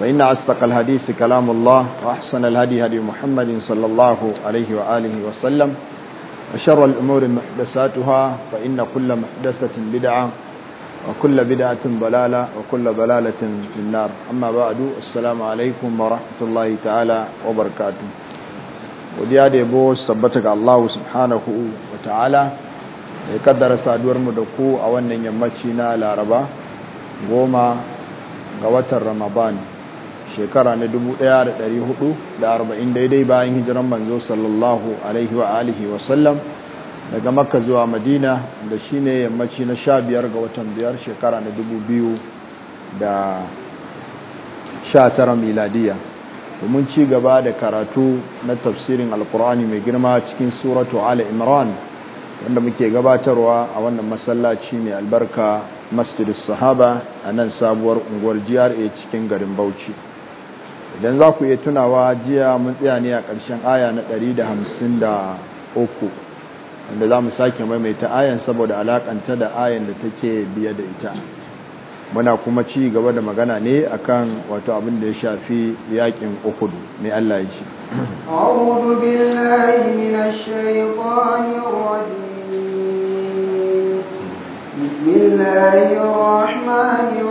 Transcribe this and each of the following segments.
فإن أصدق الحديث كلام الله وأحسن الهدي هدي محمد صلى الله عليه وآله وسلم وشر الأمور محدثاتها فإن كل محدثة بدعة وكل بدعة ضلالة وكل ضلالة في النار أما بعد السلام عليكم ورحمة الله تعالى وبركاته وديا دي بو سبتك الله سبحانه وتعالى يقدر سادور مدكو أولا يمتشينا لاربا goma ga watan ramadan shekara na 1440 daidai bayan hijiran manzo sallallahu alaihi wa alihi wa sallam daga makka zuwa madina da shi ne yammaci na sha biyar ga watan biyar shekara na 2019 miladiya domin ci gaba da karatu na tafsirin alkur'ani mai girma cikin suratu ala imran wanda muke gabatarwa a wannan masallaci mai albarka masjidus sahaba a nan sabuwar unguwar GRA cikin garin Bauchi idan za ku iya tunawa jiya mun tsaya ne a ƙarshen aya na 153 wanda za mu sake maimaita ayan saboda alaƙanta da ayan da take biya da ita muna kuma ci gaba da magana ne akan wato abin da ya shafi yakin Uhud mai Allah ya ce A'udhu billahi minash shaitanir rajim Bismillahir rahmanir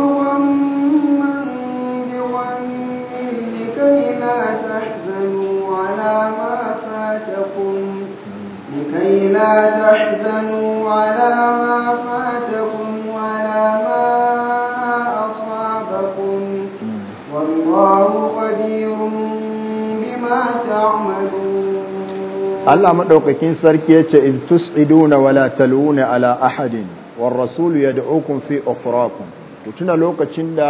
تحزنوا على ما فاتكم ولا ما أصابكم والله قدير بما تعملون Allah maɗaukakin sarki ya ce, "Iz tus'iduna la taluna ala ahadin, war rasulu ya da'ukun fi ofrakun, ku tuna lokacin da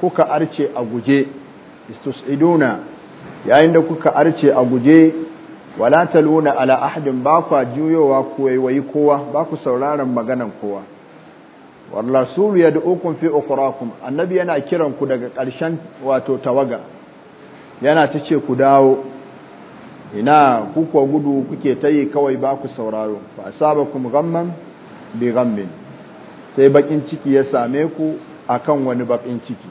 kuka arce a guje, istus'iduna yayin da kuka arce a guje wala taluna ala ahadin ba kwa juyowa ku yayi kowa ba ku sauraron maganan kowa wal rasul yad'ukum fi ukhrakum annabi yana kiran ku daga ƙarshen wato tawaga yana tace ku dawo ina ku gudu kuke tayi kawai ba ku sauraro fa asabakum ghamman bi ghammin sai bakin ciki ya same ku akan wani bakin ciki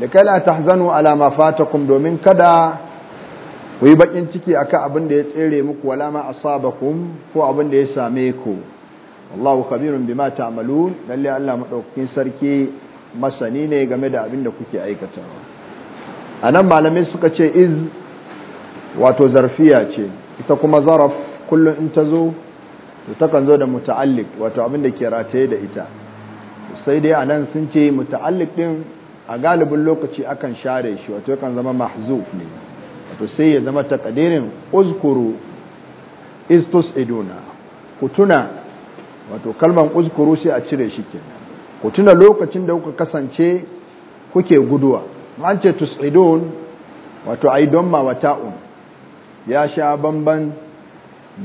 Likala tahzanu ala ma fatakum domin kada ku yi bakin ciki akan abin da ya tsere muku wala ma asabakum ko abin da ya same ku allahu kabirun bima ta'malun lalle Allah madaukakin sarki masani ne game da abin da kuke aikatawa anan malamai suka ce iz wato zarfiya ce ita kuma zaraf kullum in ta zo to takan zo da muta'alliq wato abin da ke rataye da ita sai dai anan sun ce muta'alliq din a galibin lokaci akan share shi wato yakan zama mahzuf ne wato sai ya zama takadirin uzkuru istus iduna ku tuna wato kalman uzkuru sai a cire shi ke ku tuna lokacin da kuka kasance kuke guduwa an ce tusidun wato ai don ma wata'un ya sha bamban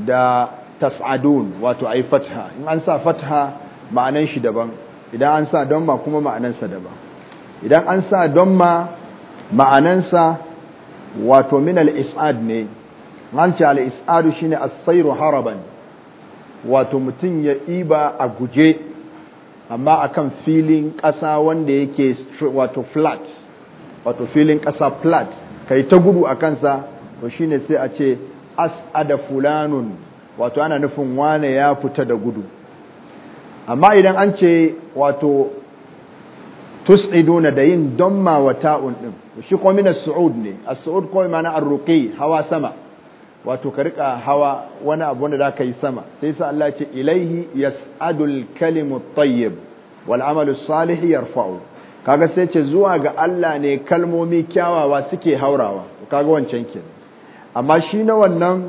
da tas'adun wato ai fatha in an sa fatha ma'anan shi daban idan an sa don ma kuma ma'anansa daban idan an sa don ma ma'anansa wato min al-is'ad ne an ce al-is'adu shine as-sayru haraban wato mutum ya iba a guje amma akan filin ƙasa wanda yake wato flat wato filin ƙasa flat kai ta gudu a kansa to shine sai a ce as'ada fulanun wato ana nufin wane ya fita da gudu amma idan an ce wato tus'iduna da yin domma wa ta'un din shi kuma min as-su'ud ne as-su'ud ko ma'ana ar-ruqi hawa sama wato ka rika hawa wani abu wanda zaka yi sama sai sa Allah ce ilaihi yas'adul kalimu tayyib wal amalu salih yarfa'u kaga sai ce zuwa ga Allah ne kalmomi kyawawa suke haurawa kaga wancan ke amma shi na wannan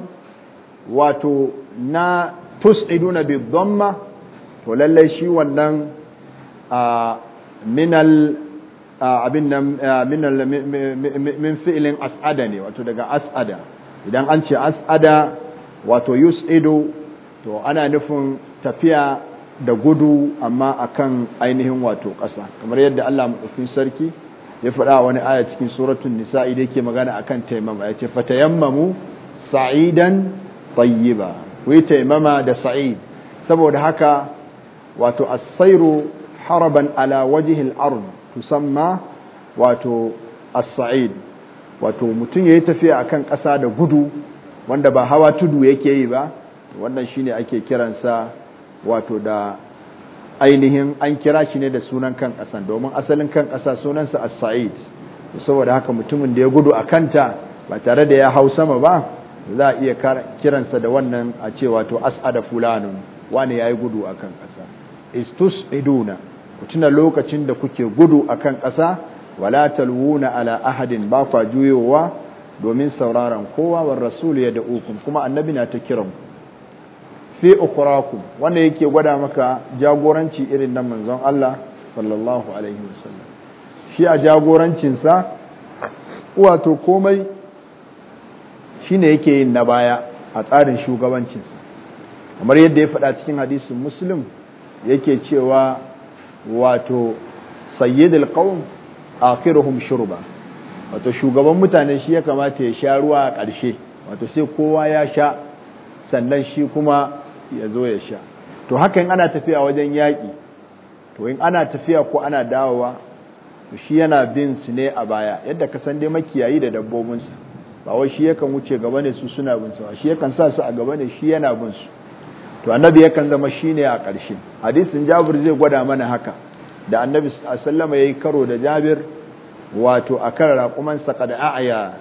wato na tus'iduna bi dhamma to lallai shi wannan a minal abin nan min fi'lin as'ada ne wato daga as'ada idan an ce as'ada wato yus ido to ana nufin tafiya da gudu amma akan ainihin wato ƙasa kamar yadda Allah madaukakin sarki ya faɗa wani aya cikin suratun nisa'i da yake magana akan taimama yace yammamu sa'idan tayyiba ku yi taimama da sa'id saboda haka wato as haraban ala wajihil ard tusamma wato as-sa'id wato mutum yayi tafiya a kan ƙasa da gudu wanda ba hawa tudu yake yi ba wannan shine ake kiransa wato da ainihin an kira shi ne da sunan kan ƙasan domin asalin kan ƙasa sunansa as-sa'id saboda haka mutumin da ya gudu a kanta ba tare da ya hau sama ba za a iya kiransa da wannan a ce wato as'ada fulanun wani yayi gudu akan ƙasa iduna. ku tuna lokacin da kuke gudu akan ƙasa wala talwuna ala ahadin ba kwa juyowa domin sauraron kowa war rasul ya da'ukum kuma annabi na ta kiran fi ukhrakum wanda yake gwada maka jagoranci irin nan manzon Allah sallallahu alaihi wasallam shi a jagorancin sa wato komai shine yake yin na baya a tsarin shugabancinsa kamar yadda ya faɗa cikin hadisin muslim yake cewa wato sayyidul qaum akhiruhum shurba wato shugaban mutane shi ya kamata ya sha ruwa a ƙarshe wato sai kowa ya sha sannan shi kuma ya zo ya sha to haka in ana tafiya wajen yaki to in ana tafiya ko ana dawowa to shi yana bin su ne a baya yadda ka san dai makiyayi da dabbobinsa ba wai shi yakan wuce gaba ne su suna bin sa shi yakan sa su a gaba ne shi yana bin su to annabi yakan zama shine a ƙarshe hadisin jabir zai gwada mana haka da annabi sallama yayi karo da jabir wato akan raƙuman sa kad a'ya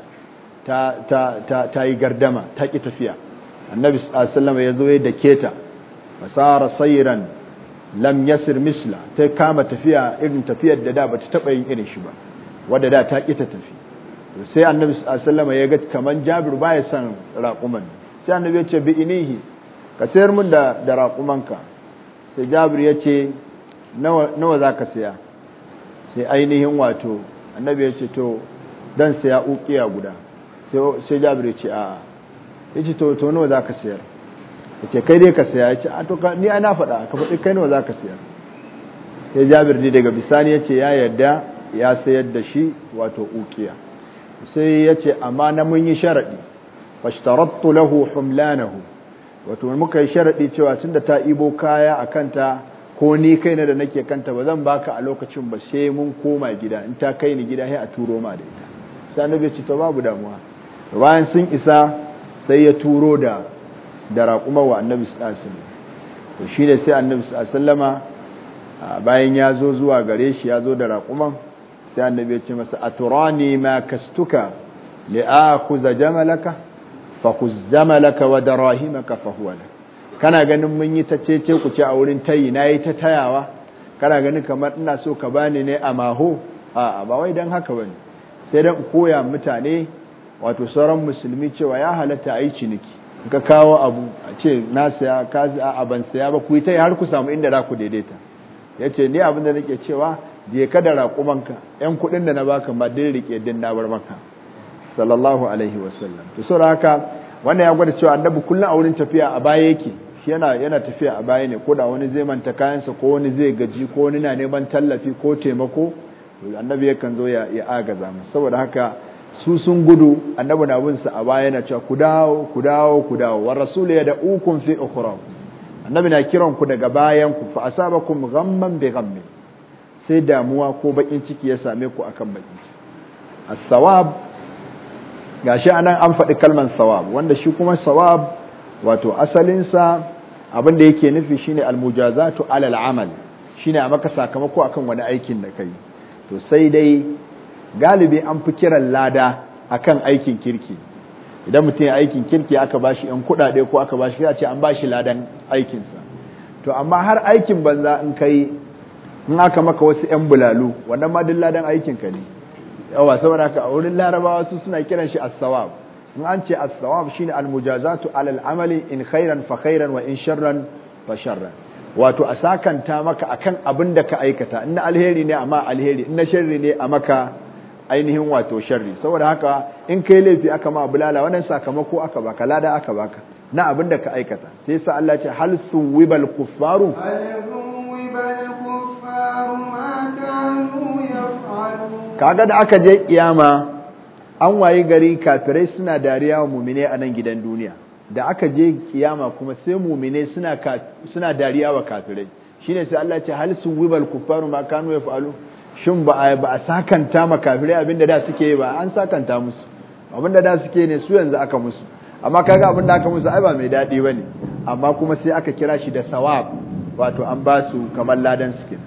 ta ta ta ta yi gardama ta ki tafiya annabi sallama yazo ya da keta masara sayran lam yasir misla ta kama tafiya irin tafiyar da da bata taba yin irin shi ba wanda da ta ki ta tafi sai annabi sallama ya ga kaman jabir ba ya san raƙuman sai annabi ya ce bi inihi ka sayar mun da da raƙumanka sai jabir ya ce nawa za ka saya sai ainihin wato annabi ya ce to dan saya ukiya guda sai jabir ya ce a'a ya ce to to nawa za ka sayar ya ce kai dai ka saya ya ce a to ka ni ana faɗa ka fadi kai nawa za ka sayar sai jabir ni daga bisani ya ce ya yadda ya sayar da shi wato ukiya sai ya ce amma na mun yi sharaɗi fashtarattu lahu humlanahu wato muka yi sharaɗi cewa tun da ta ibo kaya a kanta ko ni kai na da nake kanta ba zan baka a lokacin ba sai mun koma gida in ta kai ni gida sai a turo ma da ita sai annabi ce to babu damuwa bayan sun isa sai ya turo da da raƙuma wa annabi sallallahu alaihi wasallam to shine sai annabi sallallahu alaihi wasallama bayan ya zo zuwa gare shi ya zo da raƙuman sai annabi ya ce masa aturani ma kastuka li jamalaka fa laka wa darahimaka fa kana ganin mun yi ta cece ku ce a wurin tayi nayi ta tayawa kana ganin kamar ina so ka bani ne a maho a'a ba wai dan haka bane sai dan koya mutane wato sauran musulmi cewa ya halatta a yi ciniki ka kawo abu a ce na saya ka a ban saya ba ku yi ta har ku samu inda za ku daidaita ya ce ni abin da nake cewa je ka da raƙumanka ‘yan kuɗin da na baka ma din riƙe din na bar maka sallallahu alaihi wasallam to saboda haka wannan ya gwada cewa annabi kullum a wurin tafiya a baya yake yana yana tafiya a baya ne ko wani zai manta kayansa ko wani zai gaji ko wani na neman tallafi ko taimako to annabi yakan zo ya ya agaza mu saboda haka su sun gudu annabi na bin su a baya yana cewa ku dawo ku dawo ku dawo wa rasul ya da ukun fi ukhra annabi na kiran ku daga bayan ku fa asabakum ghamman bi ghammi sai damuwa ko bakin ciki ya same ku akan bakin ciki as-sawab gashi anan an faɗi kalman sawab wanda shi kuma sawab wato asalinsa abinda yake nufi shine almujazatu alal amal shine a maka sakamako akan wani aikin da kai to sai dai galibi an fi kiran lada akan aikin kirki idan mutum ya aikin kirki aka ba shi yan kuɗaɗe ko aka shi ya ce an ba shi ladan aikinsa to amma har aikin banza in kai in aka maka wasu yan bulalu wannan ma duk ladan aikinka ne yawa saboda haka a wurin larabawa su suna kiran shi as-sawab in an ce as-sawab shine al-mujazatu alal amali in khairan fa khairan wa in sharran fa sharran wato a sakanta maka akan abin da ka aikata in alheri ne amma alheri in sharri ne a maka ainihin wato sharri saboda haka in kai laifi aka ma bulala wannan sakamako aka baka lada aka baka na abin da ka aikata sai sa Allah ce hal suwibal kuffaru kaga da aka je kiyama an wayi gari kafirai suna dariya wa mumine a nan gidan duniya da aka je kiyama kuma sai mumine suna suna dariya wa kafirai shine sai Allah ce hal wibal kuffaru ma kanu yafalu shin ba a sakanta ma kafirai abinda da suke yi ba an sakanta musu abinda da suke ne su yanzu aka musu amma kaga abinda aka musu ai ba mai dadi bane amma kuma sai aka kira shi da sawab wato an ba su kamar ladan suke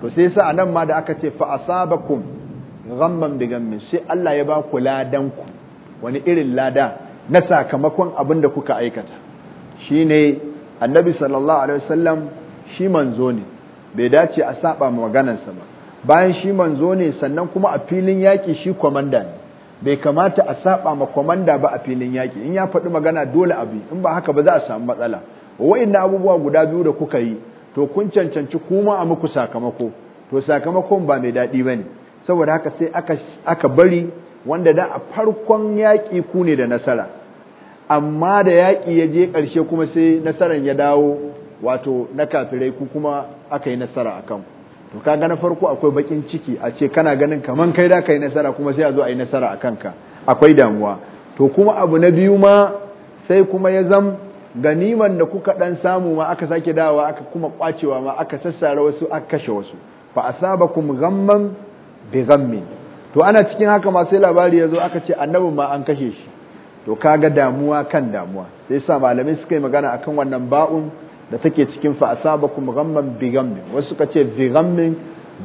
to sai sa anan ma da aka ce fa asabakum ghamman bi sai Allah ya ba ku ladan ku wani irin lada na sakamakon abin da kuka aikata shine annabi sallallahu alaihi wasallam shi manzo ne bai dace a saba sa ba bayan shi manzo ne sannan kuma a filin yaki shi komanda ne bai kamata a saba ma komanda ba a filin yaki in ya faɗi magana dole abi in ba haka ba za a samu matsala wa'in abubuwa guda biyu da kuka yi to kun cancanci kuma a muku sakamako to sakamakon ba mai daɗi ba ne saboda haka sai aka bari wanda da a farkon yaƙi ku ne da nasara amma da yaƙi ya je ƙarshe kuma sai nasaran ya dawo wato na kafirai ku kuma aka yi nasara a kanku to ka na farko akwai bakin ciki a ce kana ganin kamar kai da ka yi nasara kuma sai a zo a yi nasara a kanka akwai damuwa to kuma abu na biyu ma sai kuma ya zam ganiman da kuka dan samu ma aka sake dawa aka kuma kwacewa ma aka sassara wasu aka kashe wasu fa asabakum ghamman bi zammi to ana cikin haka ma sai labari ya zo aka ce annabin ma an kashe shi to kaga damuwa kan damuwa sai sa malamai suka yi magana akan wannan ba'un da take cikin fa asabakum ghamman bi ghammin wasu suka ce bi ghammin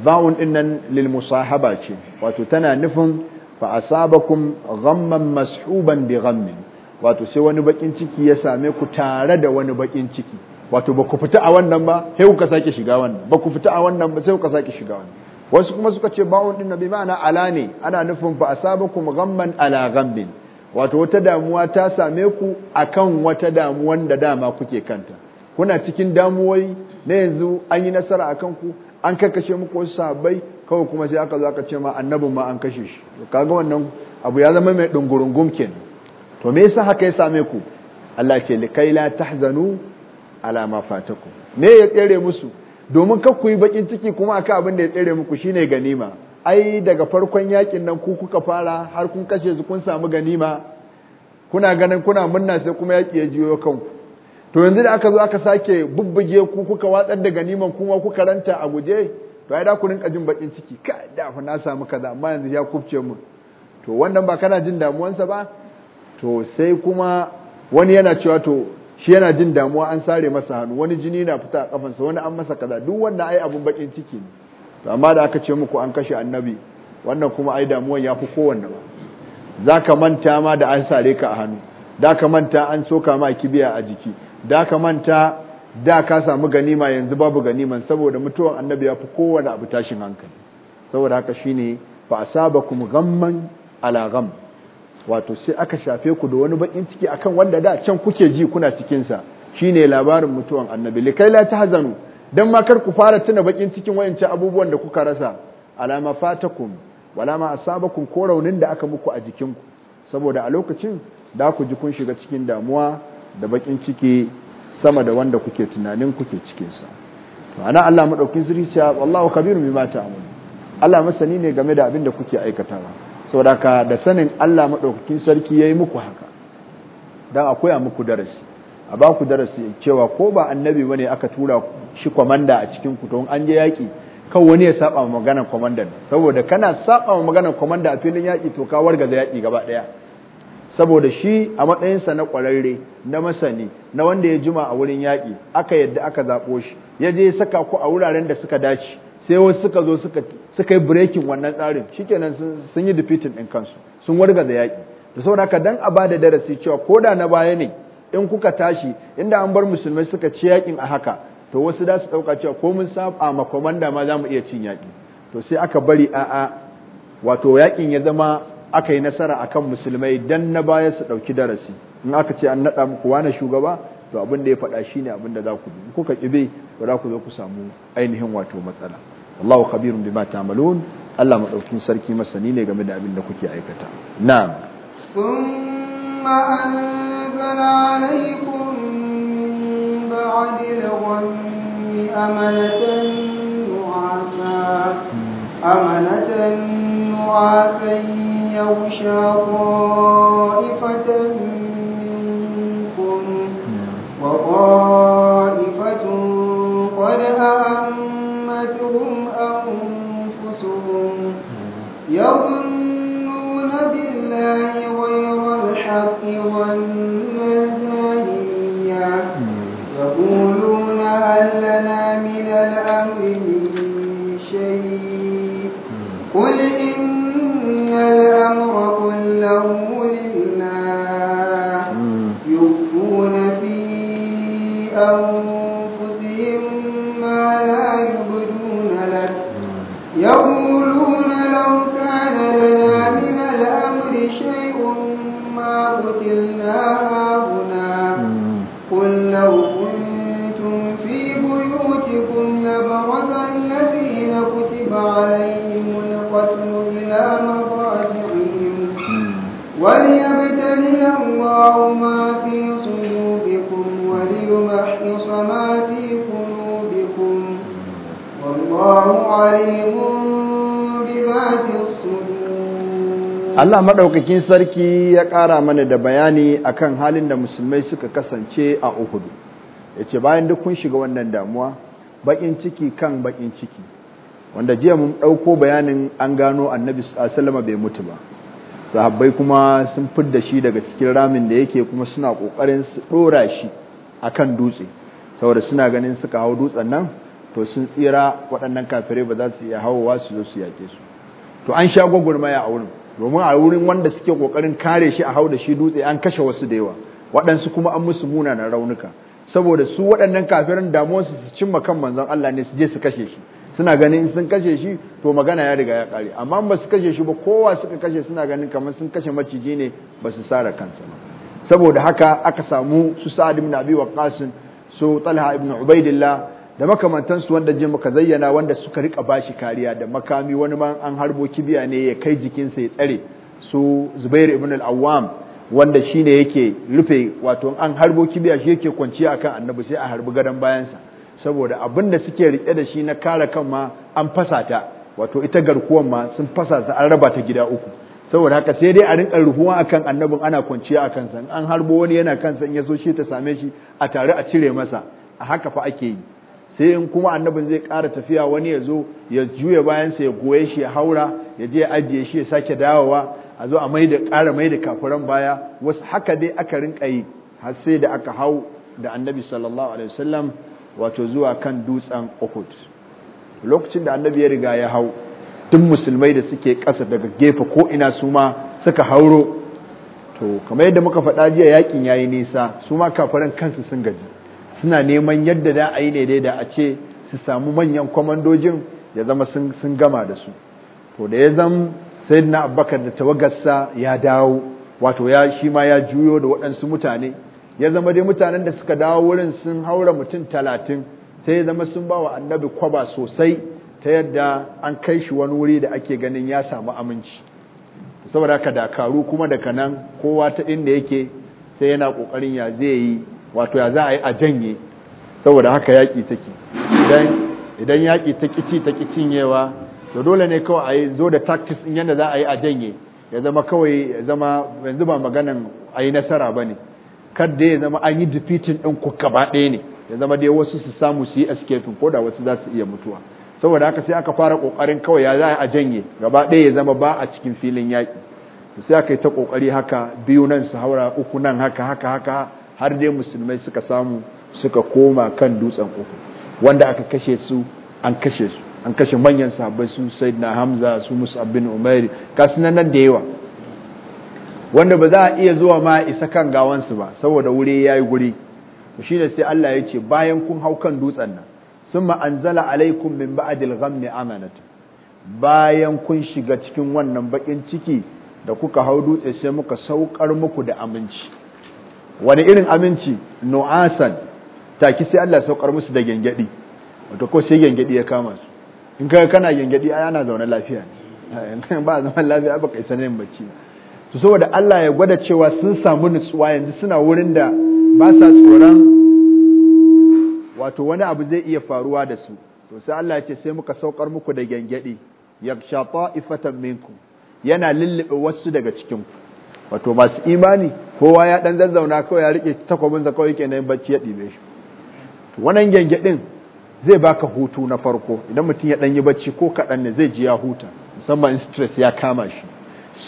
ba'un din nan lil musahaba ce wato tana nufin fa asabakum ghamman mashuban bi ghammin wato sai wani bakin ciki ya same ku tare da wani bakin ciki wato ba ku fita a wannan ba sai ku sake shiga wannan ba ku fita a wannan ba sai ku sake shiga wannan wasu kuma suka ce bawon din nabi ma'ana ala ne ana nufin fa asabakum ghamman ala ghambin wato wata damuwa ta same ku akan wata damuwan da dama kuke kanta kuna cikin damuwai na yanzu an yi nasara akan ku an karkashe muku wasu sahabbai kawai kuma sai aka zo aka ce ma annabin ma an kashe shi kaga wannan abu ya zama mai dungurungum kenan to me yasa haka ya same ku Allah ce likaila la tahzanu ala ma fatakum me ya tsere musu domin kar ku yi bakin ciki kuma akan abin da ya tsere muku shine ganima ai daga farkon yakin nan ku kuka fara har kun kashe su kun samu ganima kuna ganin kuna munna sai kuma yaki ya jiyo kanku to yanzu da aka zo aka sake bubbuge ku kuka watsar da ganiman kuma kuka ranta a guje to ai da ku rinka jin bakin ciki ka da fa na samu kaza amma yanzu ya kubce mu to wannan ba kana jin damuwansa ba to sai kuma wani yana cewa to shi yana jin damuwa an sare masa hannu wani jini na fita a kafansa wani an masa kaza duk wannan ai abun bakin ciki ne to amma da aka ce muku an kashe annabi wannan kuma ai damuwan ya fi kowanne ba za ka manta ma da an sare ka a hannu da ka manta an soka ma kibiya a jiki da ka manta da ka samu ganima yanzu babu ganiman saboda mutuwan annabi ya fi kowane abu tashin hankali saboda haka shine fa asabakum ghamman ala ghamm wato sai aka shafe ku da wani bakin ciki akan wanda da can kuke ji kuna cikinsa shine labarin mutuwan annabi likai la tahzanu dan ma kar ku fara tuna bakin cikin wayance abubuwan da kuka rasa alama fatakum wala ma asabakum ko raunin da aka muku a jikin ku saboda a lokacin da ku ji kun shiga cikin damuwa da bakin ciki sama da wanda kuke tunanin kuke cikin sa to ana Allah madaukin zuriya wallahu kabirun bima ta'malun Allah masani ne game da abin da kuke aikatawa sauraka da sanin Allah maɗaukakin sarki ya yi muku haka don akwai a muku darasi a ba ku darasi cewa ko ba annabi wani aka tura shi kwamanda a cikin kuton an je yaƙi kan wani ya saba wa maganar kwamandan saboda kana saba wa maganar kwamanda a filin yaƙi to ka wargaza yaƙi gaba ɗaya saboda shi a matsayinsa na ƙwararre na masani na wanda ya jima a wurin yaƙi aka yadda aka zaɓo shi ya je saka ku a wuraren da suka dace sai wasu suka zo suka suka yi breaking wannan tsarin shikenan sun yi defeating din kansu sun wargaza yaki da saboda haka dan a bada darasi cewa ko da na baya ne in kuka tashi inda an bar musulmai suka ci yakin a haka to wasu da su ɗauka cewa ko mun saba ma komanda ma zamu iya cin yaki to sai aka bari a a wato yakin ya zama aka yi nasara akan musulmai dan na baya su ɗauki darasi in aka ce an naɗa muku wani shugaba to abin da ya faɗa shine abin da za ku bi kuka ƙibe ba za ku zo ku samu ainihin wato matsala allahu khabirun bima ta'malun Allah madaukin sarki masani ne game da abin da kuke aikata na'am thumma anzala alaykum min ba'di al-ghammi amanatan du'ata أمنة نعاسا يغشى طائفة Allah madaukakin sarki ya ƙara mana da bayani akan halin da musulmai suka kasance a Uhud yace bayan duk kun shiga wannan damuwa baƙin ciki kan baƙin ciki wanda jiya mun ɗauko bayanin an gano Annabi sallallahu bai mutu ba sahabbai kuma sun fidda shi daga cikin ramin da yake kuma suna kokarin su dora shi akan dutse saboda suna ganin suka hau dutsen nan to sun tsira waɗannan kafirai ba za su iya hawowa su zo su yake su to an sha gwagwarmaya a wurin domin a wurin wanda suke kokarin kare shi a hau da shi dutse an kashe wasu da yawa waɗansu kuma an musu muna na raunuka saboda su waɗannan kafirin damuwarsu su cimma kan manzon Allah ne su je su kashe shi suna ganin in sun kashe shi to magana ya riga ya kare amma ba su kashe shi ba kowa suka kashe suna ganin kamar sun kashe maciji ne ba su sara kansa ba saboda haka aka samu su sa'ad ibn abi waqqas su talha ibn ubaidillah da makamantansu wanda je muka zayyana wanda suka rika bashi kariya da makami wani ma an harbo kibiya ne ya kai jikinsa ya tsare su zubairu ibn al-Awwam wanda shine yake rufe wato an harbo kibiya shi yake kwanciya akan Annabi sai a harbi gadon bayansa saboda abin da suke rike da shi na kare kan ma an fasa ta wato ita garkuwan ma sun fasa ta an raba ta gida uku saboda haka sai dai a rinka ruhuwa akan annabin ana kwanciya akan sa an harbo wani yana kansa in ya so shi ta same shi a tare a cire masa a haka fa ake yi sai in kuma annabin zai ƙara tafiya wani ya zo ya juya bayansa ya goye shi ya haura ya je ya ajiye shi ya sake dawowa a zo a mai maida mai da kafuran baya wasu haka dai aka rinka yi har sai da aka hau da annabi sallallahu alaihi wasallam wato zuwa kan dutsen Uhud lokacin da annabi ya riga ya hau duk musulmai da suke ƙasa daga gefe ko ina su ma suka hauro to kamar yadda muka faɗa jiya yakin yayi nisa su ma kafiran kansu sun gaji suna neman yadda da a yi ne dai da a ce su samu manyan kwamandojin ya zama sun gama da su to da ya zama sai na abbakar da tawagarsa ya dawo wato ya shi ma ya juyo da waɗansu mutane ya zama dai mutanen da suka dawo wurin sun haura mutum talatin sai ya zama sun ba wa annabi kwaba sosai ta yadda an kai shi wani wuri da ake ganin ya samu aminci saboda haka dakaru kuma daga nan kowa ta inda yake sai yana ƙoƙarin ya zai yi wato ya za a yi a janye saboda haka yaƙi take idan yaƙi ta ƙici ta cinyewa to dole ne kawai a yi zo da taktis in yadda za a yi a janye ya zama kawai ya zama yanzu ba maganan a yi nasara ba ne kadda ya zama an yi defeating ɗin ku gaba ɗaya ne ya zama dai wasu su samu su yi escaping ko da wasu za su iya mutuwa saboda haka sai aka fara ƙoƙarin kawai ya za a janye gaba ɗaya ya zama ba a cikin filin yaƙi sai aka yi ta kokari haka biyu nan su haura uku nan haka haka haka har dai musulmai suka samu suka koma kan dutsen uku wanda aka kashe su an kashe su an kashe manyan sahabbai su sayyidina hamza su mus'ab bin umair kasu nan da yawa wanda ba za a iya zuwa ma isa kan gawansu ba saboda wuri yayi guri shi ne sai Allah ya ce bayan kun hau kan dutsen nan summa anzala alaikum min ba'dil ghammi amanatu bayan kun shiga cikin wannan bakin ciki da kuka hau dutse sai muka saukar muku da aminci wani irin aminci nu'asan taki sai Allah saukar musu da gengedi wato ko sai gengedi ya kama su in kaga kana gengedi ai ana zaune lafiya ne ba zaman lafiya ba kai sanin bacci to saboda Allah ya gwada cewa sun samu nutsuwa yanzu suna wurin da ba sa tsoron wato wani abu zai iya faruwa da su to sai Allah ya ce sai muka saukar muku da gengedi yaksha ta'ifatan minkum yana lullube wasu daga cikin ku wato masu imani kowa ya dan zazzauna kawai ya rike takwabin sa na kenan bacci ya ɗibe shi wannan gengedin zai baka hutu na farko idan mutum ya ɗan yi bacci ko kaɗan ne zai ji ya huta musamman in stress ya kama shi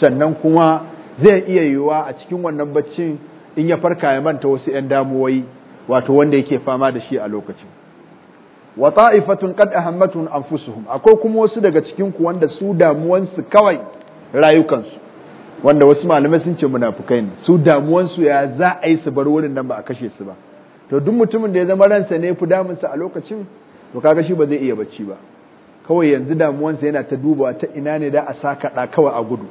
sannan kuma zai iya yiwuwa a cikin wannan baccin in ya farka ya manta wasu 'yan damuwoyi wato wanda yake fama da shi a lokacin wa ta'ifatun qad ahammatun anfusuhum akwai kuma wasu daga cikin ku wanda su damuwansu kawai rayukansu wanda wasu malamai sun ce munafukai ne su damuwansu ya za a yi su bar wurin nan ba a kashe su ba to duk mutumin da ya zama ransa ne fi damunsa a lokacin to kaga shi ba zai iya bacci ba kawai yanzu damuwansa yana ta dubawa ta ina ne da a sa kaɗa kawai a gudu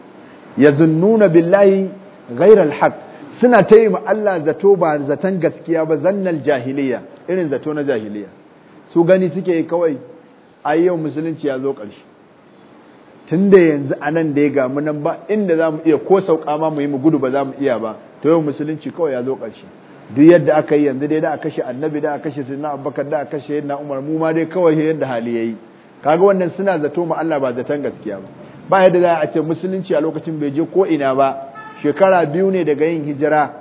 ya zunnuna billahi ghairal haq suna ta yi ma Allah zato ba zaton gaskiya ba zannal jahiliya irin zato na jahiliya su gani suke kawai a yau musulunci ya zo ƙarshe tun da yanzu a nan da ya gamu nan ba inda za mu iya ko sauƙa ma mu yi mu gudu ba za mu iya ba to yau musulunci kawai ya zo ƙarshe duk yadda aka yi yanzu dai da a kashe annabi da a kashe na abubakar da a kashe yadda umar mu ma dai kawai yadda hali ya yi kaga wannan suna zato ma Allah ba zaton gaskiya ba ba yadda za a ce musulunci a lokacin bai je ko ina ba shekara biyu ne daga yin hijira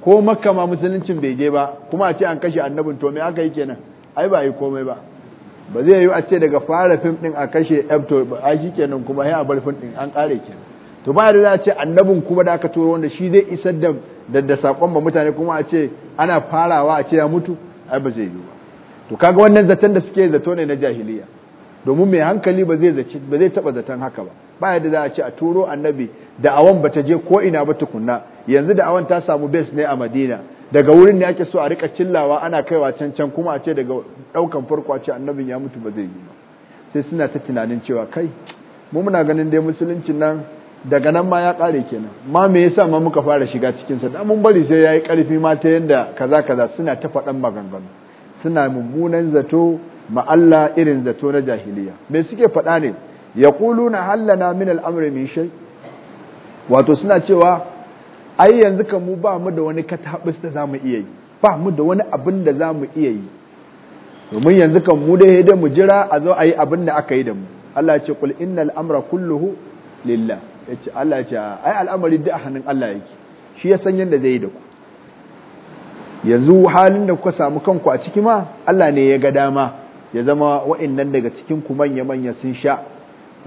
ko makka ma musuluncin bai je ba kuma a ce an kashe annabin to me aka yi kenan ai ba yi komai ba ba zai yi a ce daga fara fim din a kashe ebto a shi kenan kuma ya bar fim din an kare kenan to ba da za a ce annabin kuma da aka turo wanda shi zai isar da da sakon ba mutane kuma a ce ana farawa a ce ya mutu ai ba zai yi ba to kaga wannan zaton da suke zato ne na jahiliya domin mai hankali ba zai zaci ba zai taba zaton haka ba ba da za a ce a turo annabi da awan ta je ko ina ba tukunna yanzu da awan ta samu base ne a Madina daga wurin ne ake so a rika cillawa ana kaiwa can can kuma a ce daga daukan farko a ce annabin ya mutu ba zai yi ba sai suna ta tunanin cewa kai mu muna ganin dai musuluncin nan daga nan ma ya kare kenan ma me yasa ma muka fara shiga cikin sa mun bari sai yayi karfi ma ta yanda kaza kaza suna ta faɗan maganganu suna mummunan zato ma Allah irin zato na jahiliya me suke faɗa ne yaquluna hallana min al-amri min shay wato suna cewa ai yanzu kan mu ba mu da wani katabis da zamu iya yi ba mu da wani abin da zamu iya yi domin yanzu kan mu dai da mu jira a zo a yi abin da aka yi da mu Allah ce kul innal amra kulluhu lillah yace Allah ya ce ai al'amari duk hannun Allah yake shi ya san yanda zai yi da ku yanzu halin da kuka samu kanku a ciki ma Allah ne ya ga dama ya zama wa'annan daga cikin ku manya manya sun sha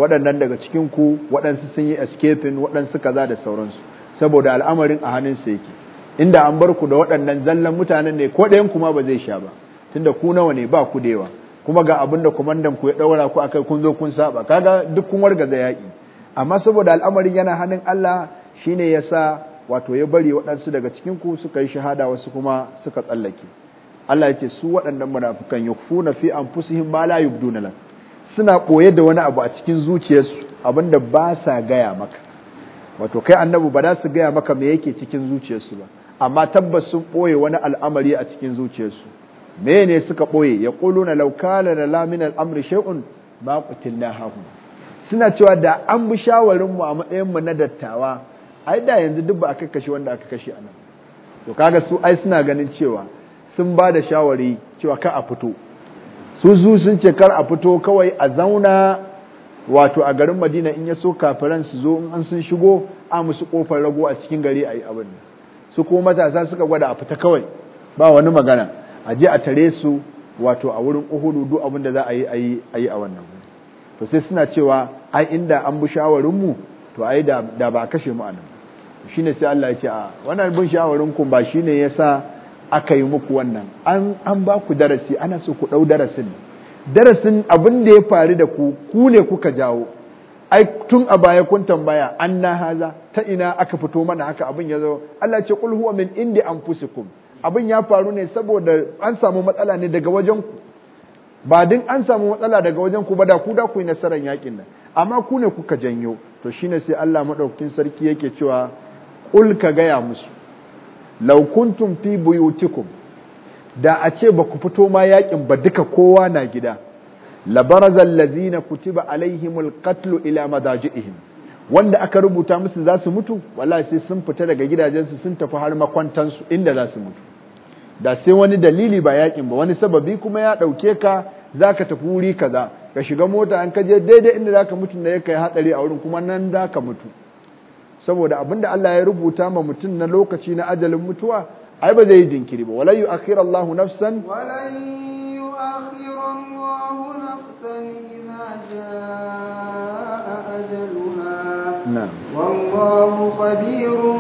waɗannan daga cikin ku waɗansu sun yi escaping waɗansu kaza da sauransu saboda al'amarin a hannun su yake inda an bar ku da waɗannan zallan mutanen ne ko ɗayan kuma ba zai sha ba tunda ku nawa ne ba ku da kuma ga abin da kwamandan ku ya ɗaura ku akai kun zo kun saba kaga duk kun wargaza yaƙi amma saboda al'amarin yana hannun Allah shine yasa wato ya bari waɗansu daga cikin ku suka yi shahada wasu kuma suka tsallake Allah yake su waɗannan munafikan yakfuna fi anfusihim ma la yubduna lak suna koyar da wani abu a cikin zuciyarsu abinda ba sa gaya maka wato kai annabi ba za su gaya maka me yake cikin zuciyarsu ba amma tabbas sun ɓoye wani al'amari a cikin zuciyarsu me ne suka ɓoye ya ƙuluna laukala na lamin al'amri shay'un ba qutilna hahu suna cewa da an bi shawarin mu a matsayin mu na dattawa ai da yanzu duk ba aka kashe wanda aka kashe anan to kaga su ai suna ganin cewa sun ba da shawari cewa kar a fito su zu sun ce kar a fito kawai a zauna wato a garin madina in ya so kafiran su zo in an sun shigo a musu kofar rago a cikin gari a yi abin su kuma matasa suka gwada a fita kawai ba wani magana a je a tare su wato a wurin uhudu duk abin da za a yi a yi a wannan to sai suna cewa ai inda an bi shawarin mu to ai da ba kashe mu anan shine sai Allah ya ce a wannan bin shawarin ku ba shine yasa aka yi muku wannan an an ba ku darasi ana so ku dau darasin darasin abin da ya faru da ku ku ne kuka jawo ai tun a baya kun tambaya an na haza ta ina aka fito mana haka abin ya zo Allah ce qul huwa min indi anfusikum abin ya faru ne saboda an samu matsala ne daga wajen ku ba din an samu matsala daga wajen ku ba da ku da ku yi nasarar yakin nan amma ku ne kuka janyo to shine sai Allah madaukakin sarki yake cewa qul ka gaya musu law kuntum fi buyutikum da a ce ba ku fito ma yakin ba duka kowa na gida labarazal lazina kutiba alaihimul qatlu ila ihim wanda aka rubuta musu za su mutu wallahi sai sun fita daga gidajensu sun tafi har makwantansu inda za su mutu da sai wani dalili ba yakin ba wani sababi kuma ya dauke ka zaka tafi wuri kaza ka shiga mota an kaje daidai inda zaka mutu ne kai hatsari a wurin kuma nan ka mutu saboda abinda Allah ya rubuta ma mutum na lokaci na ajalin mutuwa ai ba zai yi jinkiri ba wala yu'akhiru Allahu nafsan wala yu'akhiru Allahu nafsan idza jaa ajaluha na'am wallahu khabirun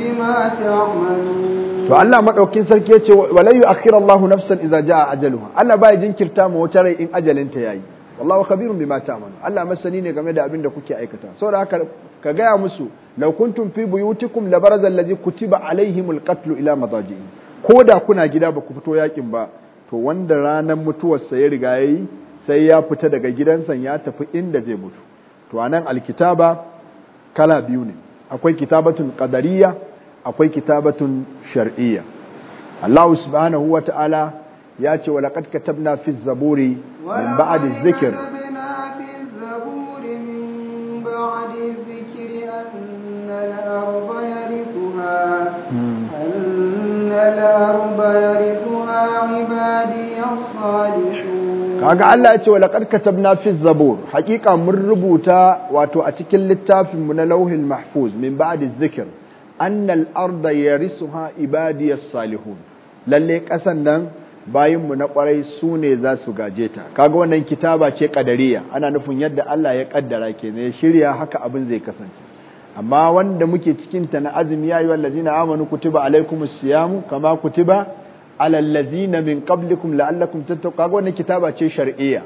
bima ta'malun to Allah madaukin sarki yace wala yu'akhiru Allahu nafsan idza jaa ajaluha Allah baya jinkirta mu wata rai in ajalinta yayi wallahu khabirun bima ta'malun Allah masani ne game da abin da kuke aikata saboda haka ka gaya musu laukuntun fi buyutikum labaraza allazi kutiba alaihimul qatlu ila madaji'i ko da kuna gida ba ku fito yakin ba to wanda ranar mutuwarsa ya riga yayi sai ya fita daga gidansa ya tafi inda zai mutu to anan alkitaba kala biyu ne akwai kitabatun qadariyya akwai kitabatun shar'iyya Allah subhanahu wata'ala ya ce wa laqad katabna fi zaburi min ba'd zikr kaga Allah ya ce wala qad katabna fi zabur haqiqa mun rubuta wato a cikin littafin mu na lauhil mahfuz min ba'di zikr an al arda yarisuha ibadi as-salihun lalle kasan nan bayin mu na kwarai sune ne za su gaje ta kaga wannan kitaba ce kadariya ana nufin yadda Allah ya kaddara kenan ya shirya haka abin zai kasance amma wanda muke cikin ta na azumi ya yi ayyuhal na amanu kutiba alaikumus siyamu kama kutiba alal na min qablikum la'allakum tattaqun kaga wannan kitaba ce shar'iyya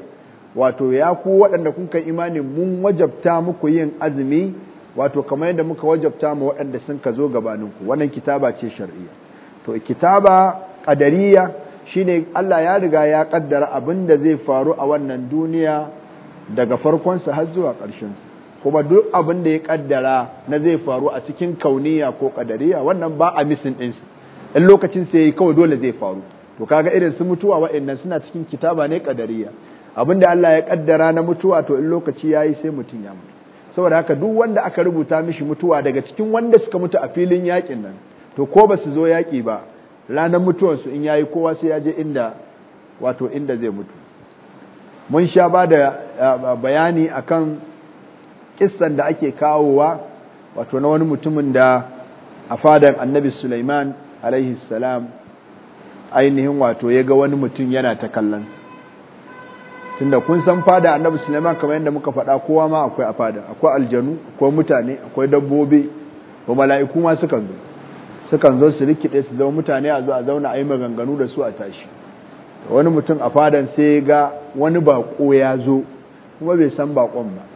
wato ya ku waɗanda kun kai imani mun wajabta muku yin azumi wato kama yadda muka wajabta mu waɗanda sun ka zo gabaninku wannan kitaba ce shar'iyya to kitaba qadariyya shine Allah ya riga ya kaddara abin da zai faru a wannan duniya daga farkonsa har zuwa ƙarshensa kuma duk abin da ya kaddara na zai faru a cikin kauniya ko kadariya wannan ba a misin ɗinsu shi in lokacin sai yi kawai dole zai faru to kaga irin su mutuwa wa'annan suna cikin kitaba ne kadariya abin da Allah ya kaddara na mutuwa to in lokaci ya yi sai mutum ya mutu saboda haka duk wanda aka rubuta mishi mutuwa daga cikin wanda suka mutu a filin yakin nan to ko ba su zo yaki ba ranar mutuwarsu in ya yi kowa sai ya je inda wato inda zai mutu mun sha ba da ah, bayani akan kissan da ake kawowa wato na wani mutumin da a fadan annabi Sulaiman alaihi salam ainihin wato ya ga wani mutum yana ta kallon tunda kun san fada annabi Sulaiman kamar yadda muka faɗa kowa ma akwai a fada akwai aljanu akwai mutane akwai dabbobi ba mala'iku ma sukan zo sukan zo su rikide su zama mutane a zo a zauna a yi maganganu da su a tashi wani mutum a fadan sai ga wani bako ya zo kuma bai san bakon ba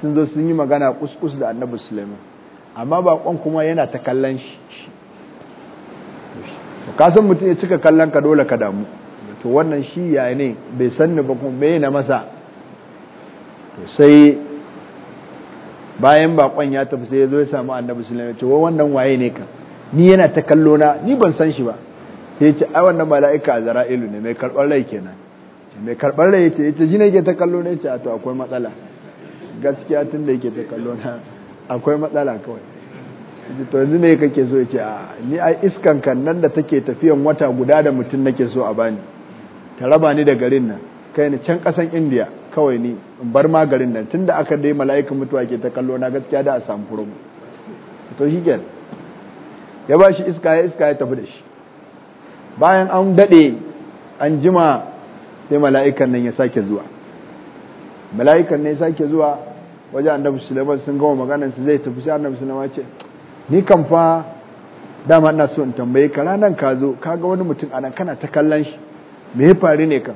sun zo sun yi magana kuskus da annabi sulaiman amma bakon kuma yana ta kallon shi to kasan mutum ya cika kallon ka dole ka damu to wannan shi ya ne bai ni ba kuma bai na masa to sai bayan bakon ya tafi sai ya zo ya samu annabi sulaiman to wannan waye ne ka ni yana ta kallo na ni ban san shi ba sai ya ce ai wannan mala'ika a zara'ilu ne mai karɓar rai kenan mai karɓar rai ya ce ya ce ne ta kallo ne ya ce a to akwai matsala gaskiya tun da yake ta kallo na akwai matsala kawai to yanzu ne kake so yace a ni ai iskan kan nan da take tafiyan wata guda da mutum nake so a bani ta raba ni da garin nan kai ni can kasan indiya kawai ni in bar ma garin nan tunda aka dai mala'ikan mutuwa ke ta kallo na gaskiya da a samu to ya ba shi iska ya iska ya tafi da shi bayan an dade an jima sai mala'ikan nan ya sake zuwa mala'ikan ya sake zuwa wajen annabi Suleiman sun gama maganar su zai tafi sai annabi Suleiman ce ni kan fa dama ina so in tambaye ka ranan ka zo ka ga wani mutum anan kana ta kallon shi me ya faru ne kan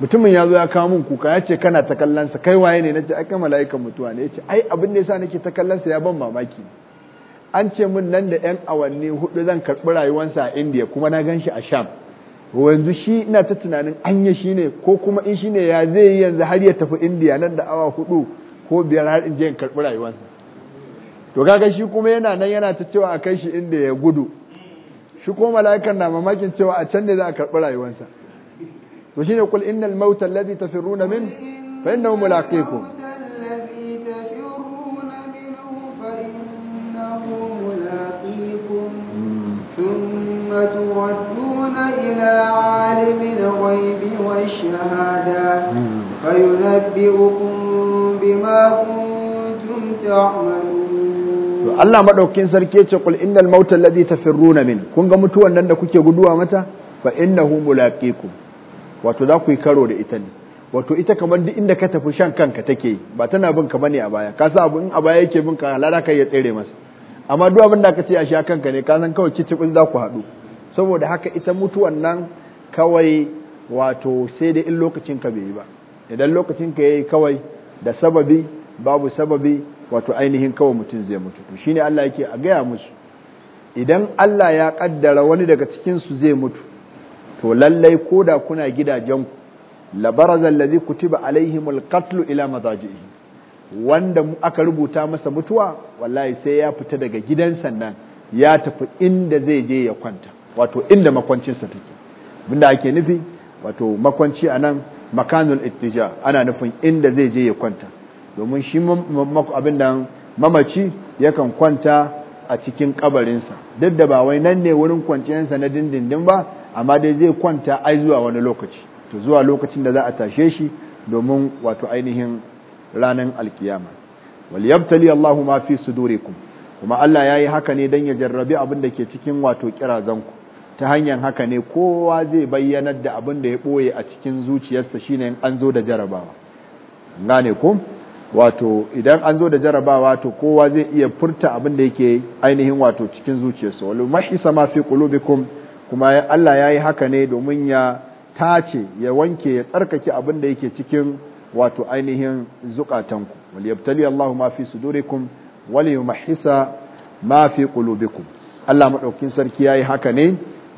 mutumin ya zo ya kawo min kuka ya ce kana ta kallon sa kai waye ne nace ai kai mala'ikan mutuwa ne yace ai abin da yasa nake ta kallon sa ya ban mamaki an ce min nan da yan awanni hudu zan karbi rayuwansa a India kuma na ganshi a Sham yanzu shi ina ta tunanin anya shine ko kuma in shine ya zai yanzu har ya tafi India nan da awa hudu ko biyar har in je karɓi rayuwarsa to kaga shi kuma yana nan yana ta cewa a kai shi inda ya gudu shi ko mala'ikan na mamakin cewa a can ne za a karɓi rayuwarsa to shine kul innal maut alladhi tafiruna min fa innahu mulaqikum تردون إلى عالم الغيب فينبئكم بما sarki ce kul innal سركي يقول إن min kun ga mutuwan nan da kuke guduwa mata fa innahu mulaqikum wato za ku yi karo da ita ne wato ita kamar duk inda ka tafi shan kanka take ba tana bin ka bane a baya ka sa abu in a baya yake bin ka halala kai ya tsere masa amma duk abin da ka ce a sha kanka ne ka san kawai kicibin za ku haɗu saboda haka ita mutuwan nan kawai wato sai da in lokacin ka bai yi ba idan lokacin ka yayi kawai da sababi babu sababi wato ainihin kawai mutum zai mutu to shine Allah yake a gaya musu idan Allah ya kaddara wani daga cikin su zai mutu to lallai ko da kuna gidajen ku labaraza allazi kutiba alaihimul qatlu ila madajihi wanda aka rubuta masa mutuwa wallahi sai ya fita daga gidansa nan ya tafi inda zai je ya kwanta wato inda makwancinsa take abinda ake nufi wato makwanci nan. makanul ittija ana nufin inda zai je ya kwanta domin shi abin da mamaci yakan kwanta a cikin kabarinsa duk da ba wai nan ne wurin kwanciyarsa na dindindin ba amma dai zai kwanta ai zuwa wani lokaci to zuwa lokacin da za a tashe shi domin wato ainihin ranar alkiyama waliyabtali Allahu ma fi sudurikum kuma Allah yayi haka ne dan ya jarrabi abin da ke cikin wato kirazanku ta hanyar haka ne kowa zai bayyanar da abin da ya ɓoye a cikin zuciyarsa shine an zo da jarabawa gane ku wato idan an zo da jarabawa to kowa zai iya furta abin da yake ainihin wato cikin zuciyarsa wal mahisa ma fi qulubikum kuma Allah ya yi haka ne domin ya tace ya wanke ya tsarkake abin da yake cikin wato ainihin zukatanku wal yabtali Allahu ma fi sudurikum wal yumahisa ma fi qulubikum Allah maɗaukin sarki ya yi haka ne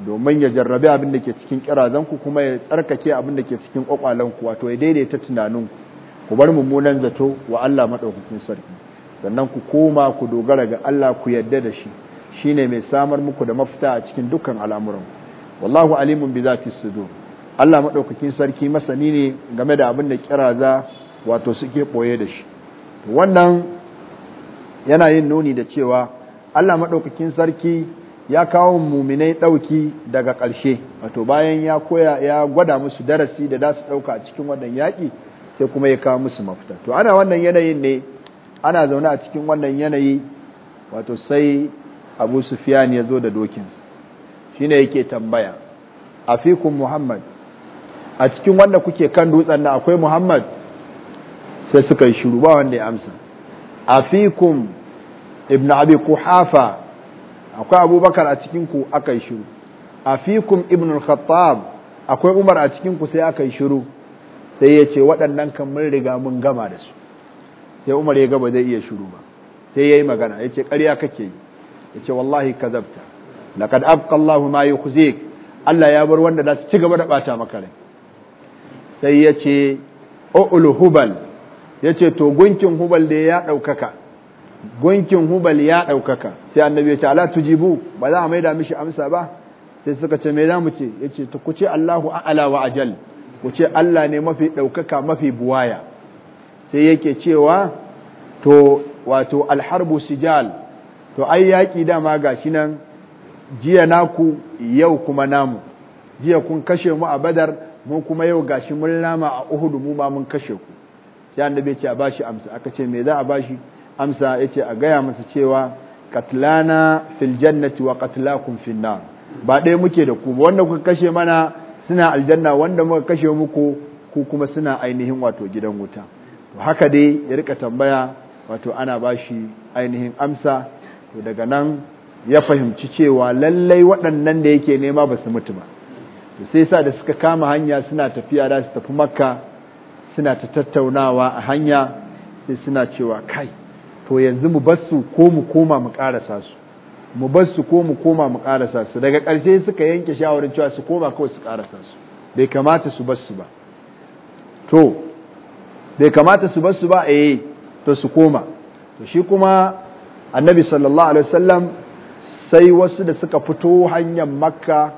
domin ya jarrabe abin da ke cikin kirazanku kuma ya tsarkake abin da ke cikin kwakwalanku wato ya daidaita tunaninku ku bar mummunan zato wa Allah madaukakin sarki sannan ku koma ku dogara ga Allah ku yadda da shi shine mai samar muku da mafita a cikin dukkan al'amuran wallahu alimun bi zati sudur Allah madaukakin sarki masani ne game da abin da kiraza wato suke ɓoye da shi wannan yana yin nuni da cewa Allah madaukakin sarki ya kawo muminai ɗauki daga ƙarshe wato bayan ya koya ya gwada musu darasi da za su ɗauka a cikin wannan yaƙi sai kuma ya kawo musu mafita to ana wannan yanayin ne ana zaune a cikin wannan yanayi wato sai abu sufiyan ya zo da dokinsa shine yake tambaya a fikun muhammad a cikin wanda kuke kan dutsen na akwai muhammad sai suka yi shiru ba wanda ya amsa a fikun ibn abi kuhafa akwai abubakar a cikin ku aka yi shiru a fikum ibn al-khattab akwai umar a cikin ku sai aka yi shiru sai ya ce waɗannan kan mun riga mun gama da su sai umar ya gaba zai iya shiru ba sai ya yi magana ya ce ƙarya kake yi ya ce wallahi kazabta laqad abqa Allahu ma zai Allah ya bar wanda za su ci gaba da ɓata maka rai sai ya ce o'ul hubal ya ce to gunkin hubal da ya ɗaukaka gunkin hubal ya ɗaukaka sai annabi ya ce ala tujibu ba za a maida mishi amsa ba sai suka ce me za mu ce ya ce ku ce allahu a'ala wa ajal ku ce allah ne mafi ɗaukaka mafi buwaya sai yake cewa to wato alharbu sijal to ai yaƙi dama ga shi nan jiya naku yau kuma namu jiya kun kashe mu a badar mu kuma yau gashi mun lama a uhudu mu ba mun kashe ku sai annabi ya ce a bashi amsa aka ce me za a bashi amsa ya ce a gaya masa cewa katlana fil jannati wa katlakum fil nar ba ɗaya muke da ku wanda kuka kashe mana suna aljanna wanda muka kashe muku ku kuma suna ainihin wato gidan wuta to haka dai ya rika tambaya wato ana bashi ainihin amsa to daga nan ya fahimci cewa lallai waɗannan da yake nema ba su mutu ba to sai sa da suka kama hanya suna tafiya da su tafi makka suna ta tattaunawa a hanya sai suna cewa kai to yanzu mu su ko mu koma mu karasa su mu su ko mu koma mu karasa su daga ƙarshe suka yanke shawarar cewa su koma kawai su karasa su bai kamata su su ba to bai kamata su su ba eh to su koma to shi kuma annabi sallallahu alaihi wasallam sai wasu da suka fito hanyar makka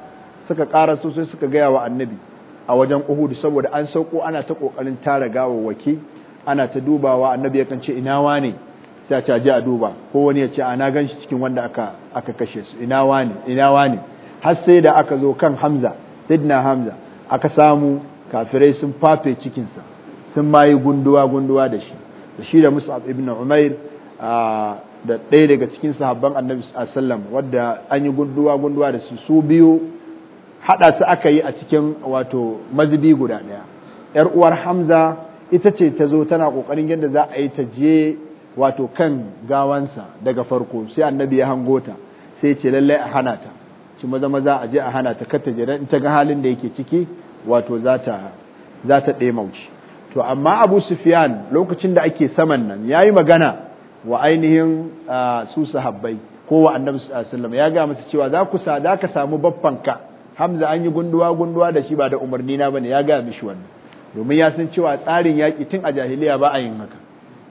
suka karasa sai suka gaya wa annabi a wajen uhudu saboda an sauko ana ta kokarin tara gawawwaki ana ta dubawa annabi yakan ce ina wane sai a ji a duba ko wani ya ce ana gan shi cikin wanda aka kashe su ina wani har sai da aka zo kan Hamza Sidna Hamza aka samu kafirai sun fafe cikinsa sun mayi gunduwa gunduwa da shi da shi da Mus'ab ibn Umair da ɗaya daga cikin sahabban Annabi sallam wadda an yi gunduwa gunduwa da su su biyu hada su aka yi a cikin wato mazubi guda ɗaya yar uwar Hamza ita ce ta zo tana ƙoƙarin yadda za a yi ta je wato kan gawansa daga farko sai annabi ya hango ta sai ce lallai a hana ta ci maza maza a je a hana ta kar ta in ta ga halin da yake ciki wato za ta za ta ɗemauci to amma abu sufyan lokacin da ake saman nan ya yi magana wa ainihin su sahabbai ko wa annabi sallallahu ya ga masu cewa za ku sa za ka samu baffanka hamza an yi gunduwa gunduwa da shi ba da umarni na bane ya ga mishi wannan domin ya san cewa tsarin yaƙi tun a jahiliya ba a yin haka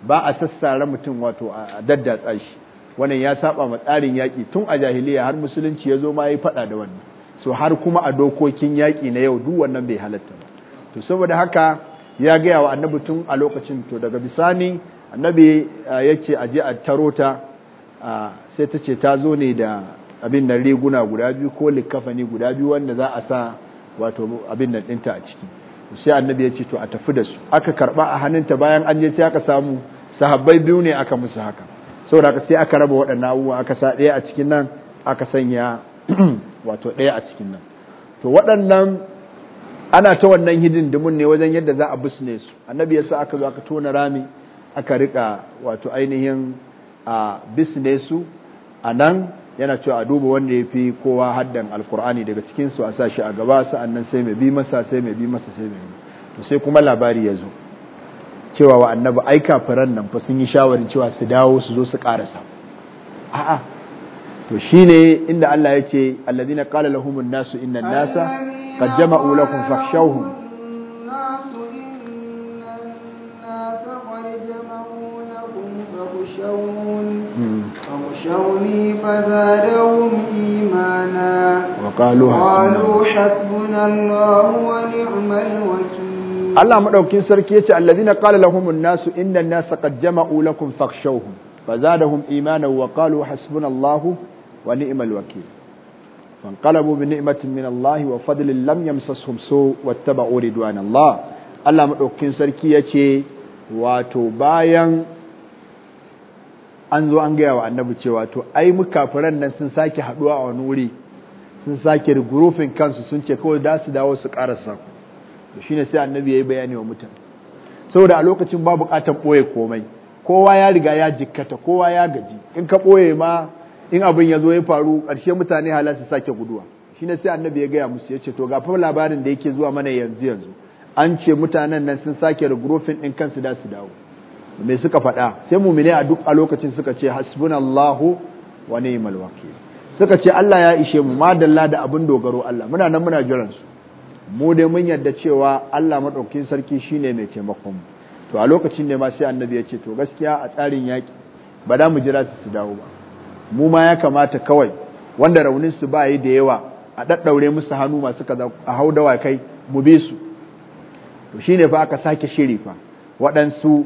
ba a sassara mutum wato a daddatsa shi wannan ya saba ma tsarin yaki tun a jahiliya har musulunci ya zo ma ya faɗa da wannan so har kuma a dokokin yaƙi na yau duk wannan bai halatta ba to saboda haka ya gaya wa annabi tun a lokacin to daga bisani annabi yake a je a taro ta sai ta ce ta zo ne da abin nan riguna guda biyu ko likafani guda biyu wanda za a sa wato abin nan dinta a ciki sai annabi ya ce to a tafi da su aka karba a hannunta bayan an je sai aka samu sahabbai biyu ne aka musu haka saboda ka sai aka raba waɗannan abubuwa aka sa ɗaya a cikin nan aka sanya wato ɗaya a cikin nan to waɗannan ana ta wannan hidindimun ne wajen yadda za a busne su annabi ya sa aka zo aka tona rami aka rika wato ainihin a busne su a nan yana cewa a duba wanda ya fi kowa haddan alkur'ani daga cikinsu a sashi a gaba sa'annan sai mai bi masa sai mai bi masa sai mai to sai kuma labari ya zo cewa wa annabi ai kafiran nan fa sun yi shawarin cewa su dawo su zo su karasa a'a to shine inda Allah ya ce alladhina qala lahumun nasu innan nasa qad jama'u lakum fakhshawhum واستغشوني فزادهم إيمانا وقالوا قالوا حسبنا الله ونعم الوكيل Allah madaukin sarki yace allazina qala lahumun nasu inna an-nasa jama'u lakum fakhshawhum fazadahum imanan wa qalu hasbunallahu wa ni'mal wakeel fanqalabu bi ni'matin min Allah wa fadlin lam yamsashum su wattaba'u ridwanallah Allah madaukin sarki yace wato bayan an zo an gaya wa annabi cewa to ai mu kafiran nan sun sake haduwa a wani wuri sun sake rigurufin kansu sun ce kawai da su dawo su karasa to shine sai annabi yayi bayani wa mutane saboda a lokacin babu bukatan boye komai kowa ya riga ya jikkata kowa ya gaji in ka boye ma in abin ya zo ya faru ƙarshe mutane hala su sake guduwa shine sai annabi ya gaya musu ya ce to ga fa labarin da yake zuwa mana yanzu yanzu an ce mutanen nan sun sake rigurufin din kansu da su dawo me suka faɗa sai mumine a duk a lokacin suka ce hasbunallahu wa ni'mal wakil suka ce Allah ya ishe mu madalla da abin dogaro Allah muna nan muna jiran su mu dai mun yarda cewa Allah madaukakin sarki shine mai taimakon mu to a lokacin ne ma sai annabi ya ce to gaskiya a tsarin yaki ba da mu jira su su dawo ba mu ma ya kamata kawai wanda raunin su ba yi da yawa a daddaure musu hannu masu kaza a hau wakai mu bi su to shine fa aka sake shiri fa waɗansu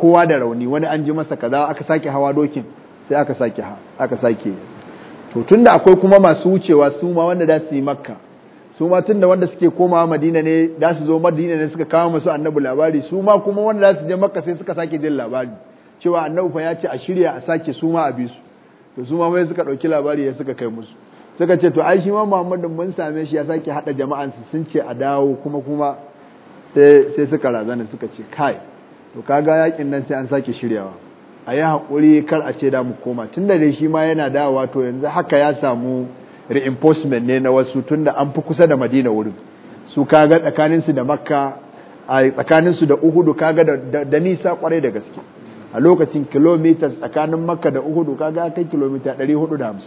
kowa da rauni wani an ji masa kaza aka sake hawa dokin sai aka sake aka sake to tunda akwai kuma masu wucewa su ma wanda za su yi makka su ma tunda wanda suke komawa madina ne za su zo madina ne suka kawo masu annabu labari su ma kuma wanda za su je makka sai suka sake jin labari cewa annabu fa ya ce a shirya a sake su ma a bi su to su ma wai suka ɗauki labari ya suka kai musu suka ce to ai shi ma Muhammadu mun same shi ya sake haɗa jama'ansu sun ce a dawo kuma kuma sai suka razana suka ce kai to kaga yakin nan sai an sake shiryawa a yi haƙuri kar a ce da mu koma tun da dai shi ma yana dawowa to yanzu haka ya samu reinforcement ne na wasu tun da an fi kusa da madina wurin su kaga tsakaninsu da makka a tsakaninsu da uhudu kaga da nisa kwarai da gaske a lokacin kilomita tsakanin makka da uhudu kaga kai kilomita 450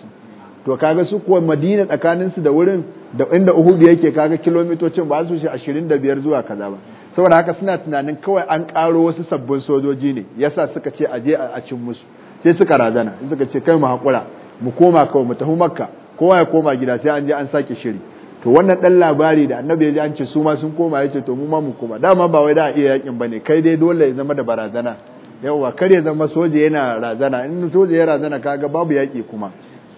to kaga su kuwa madina tsakaninsu da wurin da inda uhudu yake kaga kilomitocin ba su shi 25 zuwa kaza ba saboda haka suna tunanin kawai an karo wasu sabbin sojoji ne yasa suka ce aje a cin musu sai suka razana suka ce kai mu haƙura mu koma kawai mu tafi makka kowa ya koma gida sai an je an sake shiri to wannan dan labari da annabi ya ji an ce su ma sun koma yace to mu ma mu koma dama ba wai da a iya yakin bane kai dai dole ya zama da barazana yawwa kar ya zama soja yana razana in soja ya razana kaga babu yaki kuma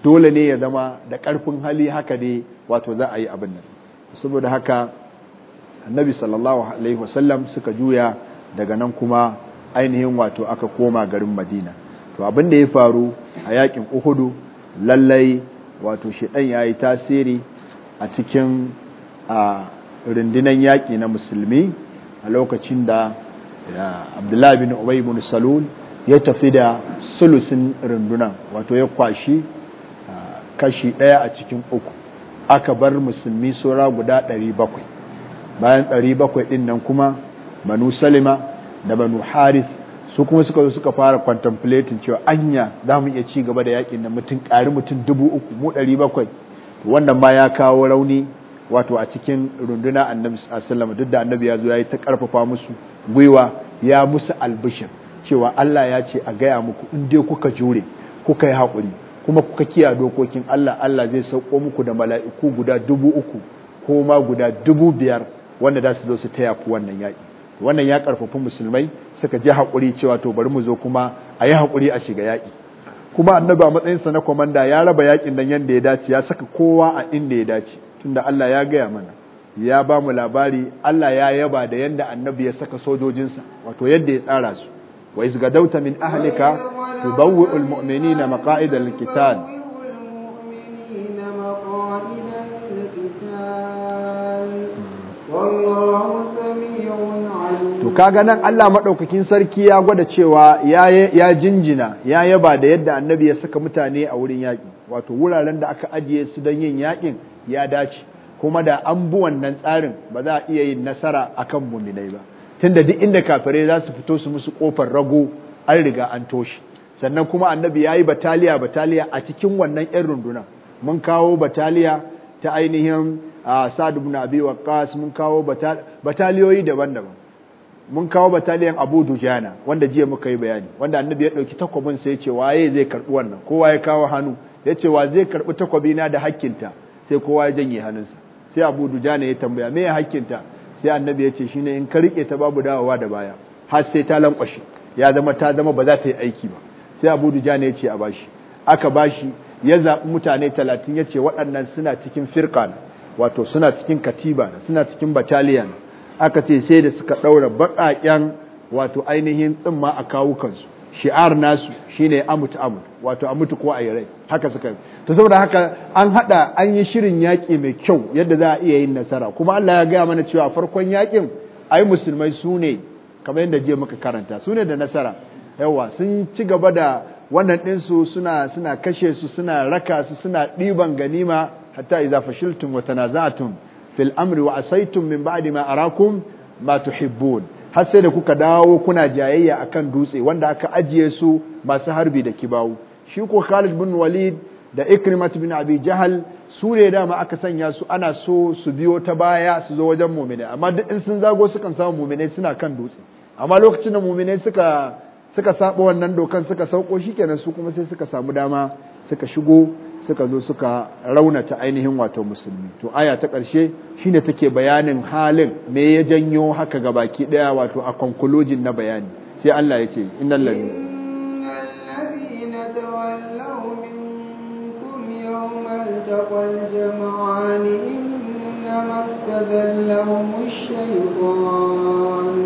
dole ne ya zama da karfin hali haka dai wato za a yi abin nan saboda haka annabi sallallahu alaihi wasallam suka juya daga nan kuma ainihin wato aka koma garin madina to abin da ya faru a yakin uhudu lallai wato shedan ya yi tasiri a cikin a rundunan yaƙi na musulmi a lokacin da abdullahi bin ubay bin salul ya tafi da sulusin rundunan wato ya kwashi kashi ɗaya a cikin uku aka bar musulmi saura guda 700. bayan 700 din nan kuma banu salima da banu haris su kuma suka zo suka fara contemplating cewa anya za mu iya ci gaba da yakin da mutum ƙari mutum dubu uku mu wannan ma ya kawo rauni wato a cikin runduna annabi sallallahu duk da annabi ya zo ya yi ta ƙarfafa musu gwiwa ya musu albishir cewa Allah ya ce a gaya muku in dai kuka jure kuka yi haƙuri kuma kuka kiya dokokin Allah Allah zai sauko muku da mala'iku guda dubu uku ko ma guda dubu biyar wanda za su zo su taya ku wannan yaƙi wannan ya karfafi musulmai suka ji haƙuri cewa to bari mu zo kuma a yi haƙuri a shiga yaƙi kuma annabi a matsayinsa na komanda ya raba yaƙin nan yadda ya dace ya saka kowa a inda ya dace tunda Allah ya gaya mana ya ba mu labari Allah ya yaba da yadda annabi ya saka sojojinsa wato yadda ya tsara su wa izgadauta min ahlika tubawwi'ul mu'minina maqa'idal qital kaga nan Allah maɗaukakin sarki ya gwada cewa ya jinjina ya yaba da yadda annabi ya saka mutane a wurin yaƙi wato wuraren da aka ajiye su don yin yaƙin ya dace kuma da an bi wannan tsarin ba za a iya yin nasara a akan muminai ba tun da duk inda kafirai za su fito su musu kofar rago an riga an toshi sannan kuma annabi ya yi bataliya bataliya a cikin wannan yan runduna mun kawo bataliya ta ainihin ah, sa'ad ibn abi waqqas mun kawo bataliyoyi daban-daban mun kawo bataliyan Abu Dujana wanda jiya muka yi bayani wanda annabi ya dauki takwabin sai ya ce waye zai karbi wannan kowa ya kawo hannu ya ce wa zai karbi takwabi na da hakkinta sai kowa ya janye hannunsa sai Abu Dujana ya tambaya me ya hakkinta sai annabi ya ce shine in ka rike ta babu dawowa da baya har sai ta lankwashe ya zama ta zama ba za ta yi aiki ba sai Abu Dujana ya ce a bashi aka bashi ya zaɓi mutane talatin ya ce waɗannan suna cikin firka wato suna cikin katiba suna cikin bataliyan aka ce sai da suka ɗaura baƙaƙen wato ainihin tsimma a kawukansu shi'ar nasu shine amut amut wato amutu ko a yi rai haka suka to saboda haka an haɗa an yi shirin yaƙi mai kyau yadda za a iya yin nasara kuma Allah ya gaya mana cewa farkon yaƙin ai musulmai su ne kamar yadda je muka karanta su ne da nasara yawa sun ci gaba da wannan ɗinsu suna suna kashe su suna raka su suna ɗiban ganima hatta idza fashiltum wa tanaza'tum fil amri wa asaitum min ba'di ma arakum ma tuhibbun har sai da kuka dawo kuna jayayya akan dutse wanda aka ajiye su masu harbi da kibawu shi ko Khalid bin Walid da Ikrimat bin Abi Jahal su ne dama aka sanya su ana so su biyo ta baya su zo wajen mu'minai amma duk in sun zago sukan samu mu'minai suna kan dutse amma lokacin da mu'minai suka suka saba wannan dokan suka sauko shikenan su kuma sai suka samu dama suka shigo suka zo suka raunata ainihin wato musulmi to aya ta ƙarshe shine take bayanin halin me ya janyo haka ga baki daya wato a konkolojin na bayani sai Allah ya ce innal ladina التقى الجمعان إنما استذلهم الشيطان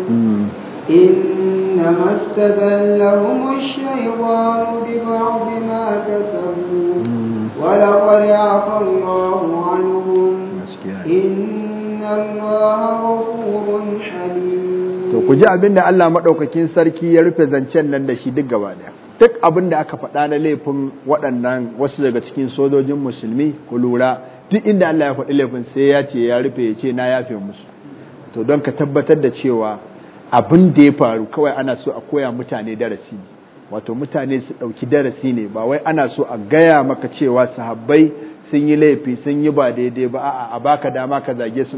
إنما استذلهم الشيطان ببعض ما كسبوا ولقد الله عنهم إن الله غفور حليم to ku ji abin da Allah maɗaukakin sarki ya rufe zancen nan da shi duk gaba ɗaya duk abin da aka faɗa na laifin waɗannan wasu daga cikin sojojin musulmi ku lura duk inda Allah ya faɗi laifin sai ya ce ya rufe ya ce na yafe musu to don ka tabbatar da cewa abin da ya faru kawai ana so a koya mutane darasi wato mutane su ɗauki darasi ne ba wai ana so a gaya maka cewa sahabbai sun yi laifi sun yi ba daidai ba a'a a baka dama ka zage su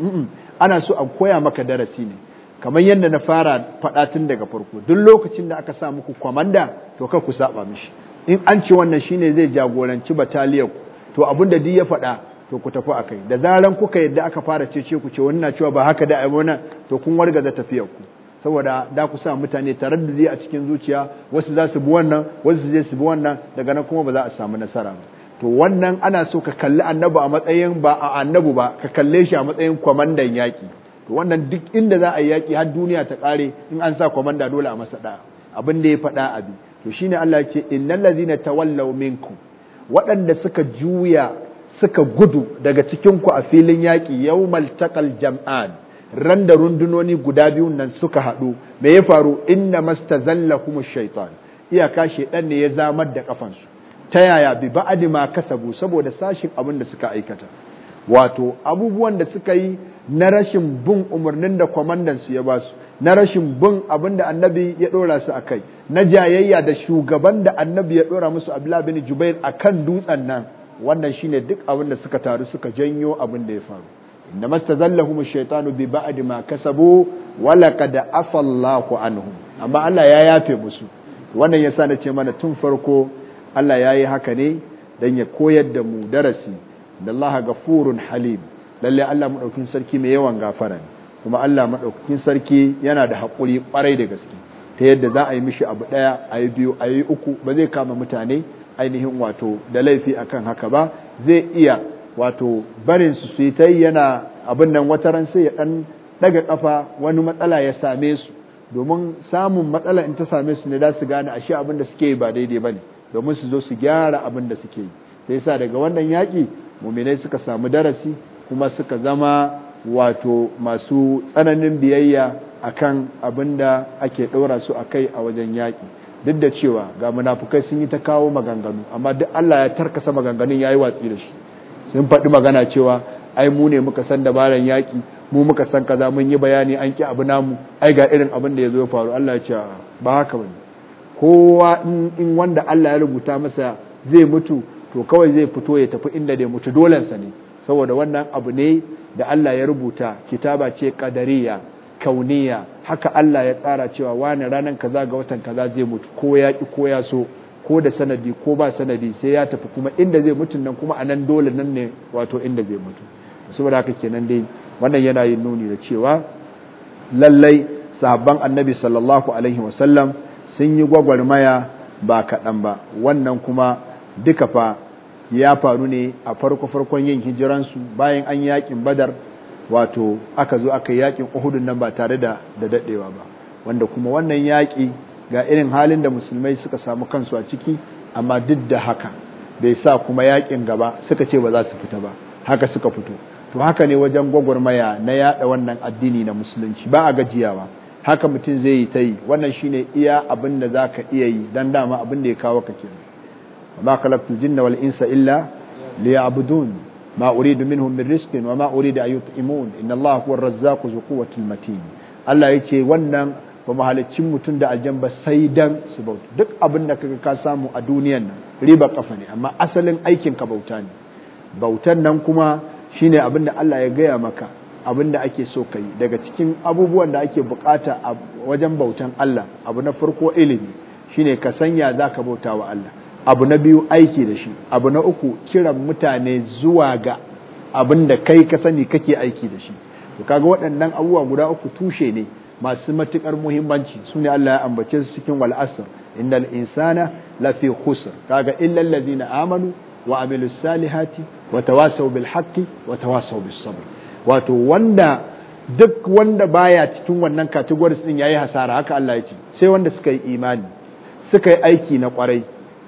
ana so a koya maka darasi ne kamar yadda na fara faɗa tun daga farko duk lokacin da aka sa muku kwamanda to kar ku saba mishi in an ce wannan shine zai jagoranci bataliyar ku to abin da duk ya faɗa to ku tafi akai da zaran kuka yadda aka fara cece ku ce wannan cewa ba haka da ai wannan to kun wargaza tafiyar ku saboda da ku sa mutane taraddudi a cikin zuciya wasu za su bi wannan wasu su je su bi wannan daga nan kuma ba za a samu nasara ba to wannan ana so ka kalli annabi a matsayin ba a annabu ba ka kalle shi a matsayin kwamandan yaƙi to wannan duk inda za a yi yaƙi har duniya ta kare in an sa kwamanda dole a masa ɗaya abin da ya faɗa abi to shine Allah ya ce innal ladzina tawallaw minkum waɗanda suka juya suka gudu daga cikin ku a filin yaƙi yawmal taqal jam'an randa rundunoni guda biyun nan suka haɗu me ya faru inna kuma shaitan iyaka shaitan ne ya zamar da kafansu ta yaya bi ba'adi ma kasabu saboda sashin abin da suka aikata wato abubuwan da suka yi na rashin bin umarnin da kwamandan su ya ba su na rashin bin abin da annabi ya dora su akai na jayayya da shugaban da annabi ya dora musu abdullah bin jubair akan dutsen nan wannan shine duk abin da suka taru suka janyo abin da ya faru إنما shaitanu الشيطان ba'a ما كسبوا ولقد عفى الله anhu amma allah ya yafe musu wannan yasa na ce mana tun farko Allah ya yi haka ne don ya koyar da mu darasi da Allah gafurun halim lalle Allah maɗaukin sarki mai yawan gafara ne kuma Allah maɗaukin sarki yana da haƙuri ɓarai da gaske ta yadda za a yi mishi abu ɗaya a yi biyu a yi uku ba zai kama mutane ainihin wato da laifi akan haka ba zai iya wato barin su su ta yana abin nan wata ran sai ya ɗan ɗaga kafa wani matsala ya same su domin samun matsala in ta same su ne za su gane ashe abin da suke yi ba daidai ba ne domin su zo su gyara abin da suke yi sai sa daga wannan yaki mu'minai suka samu darasi kuma suka zama wato masu tsananin biyayya akan abin da ake ɗora su kai a wajen yaƙi duk da cewa ga munafukai sun yi ta kawo maganganu amma duk Allah ya tarkasa maganganun yayi watsi da shi sun faɗi magana cewa ai mu ne muka san dabaran yaƙi mu muka san kaza mun yi bayani an ki abu namu ai ga irin abin da ya zo ya faru Allah ya ce ba haka bane kowa in wanda Allah ya rubuta masa zai mutu to kawai zai fito ya tafi inda da mutu dolensa ne saboda wannan abu ne da Allah ya rubuta kitaba ce qadariya kauniya haka Allah ya tsara cewa wani ranar kaza ga watan kaza zai mutu ko ya ko ya so ko da sanadi ko ba sanadi sai ya tafi kuma inda zai mutu nan kuma anan dole nan ne wato inda zai mutu saboda haka kenan dai wannan yana yin nuni da cewa lallai sahabban annabi sallallahu alaihi wasallam sun yi gwagwarmaya ba kaɗan ba wannan kuma duka fa ya faru ne a farko farkon yin hijiransu bayan an yakin badar wato aka zo aka yakin uhudun nan ba tare da da dadewa ba wanda kuma wannan yaki ga irin halin da musulmai suka samu kansu a ciki amma duk da haka bai sa kuma yakin gaba suka ce ba za su fita ba haka suka fito to haka ne wajen gwagwarmaya na yada wannan addini na musulunci ba a gajiyawa haka mutum zai yi ta yi wannan shine iya abin da za ka iya yi don dama abin da ya kawo ka kenan ma khalaqtu jinna wal illa liya'budun ma uridu minhum min rizqin wa ma uridu an inna allaha huwa dhu quwwatil matin Allah yace wannan ba mu halicci mutum da aljan ba sai dan su bauta duk abin da kaga ka samu a duniyan nan riba kafa ne amma asalin aikin ka bauta ne bautan nan kuma shine abin da Allah ya gaya maka abin da ake so kai daga cikin abubuwan da ake bukata a wajen bautan Allah abu na farko ilimi shine ka sanya zaka bauta wa Allah abu na biyu aiki da shi abu na uku kiran mutane zuwa ga abin da kai ka sani kake aiki da shi to kaga waɗannan abubuwa guda uku tushe ne masu matukar muhimmanci su ne Allah ya ambace su cikin wal asr innal insana lafi khusr kaga illal ladina amanu wa amilus salihati wa tawasaw bil haqqi wa tawasaw bis sabr wato wanda duk wanda baya cikin wannan categories din yayi hasara haka Allah ya ce sai wanda suka yi imani suka yi aiki na kwarai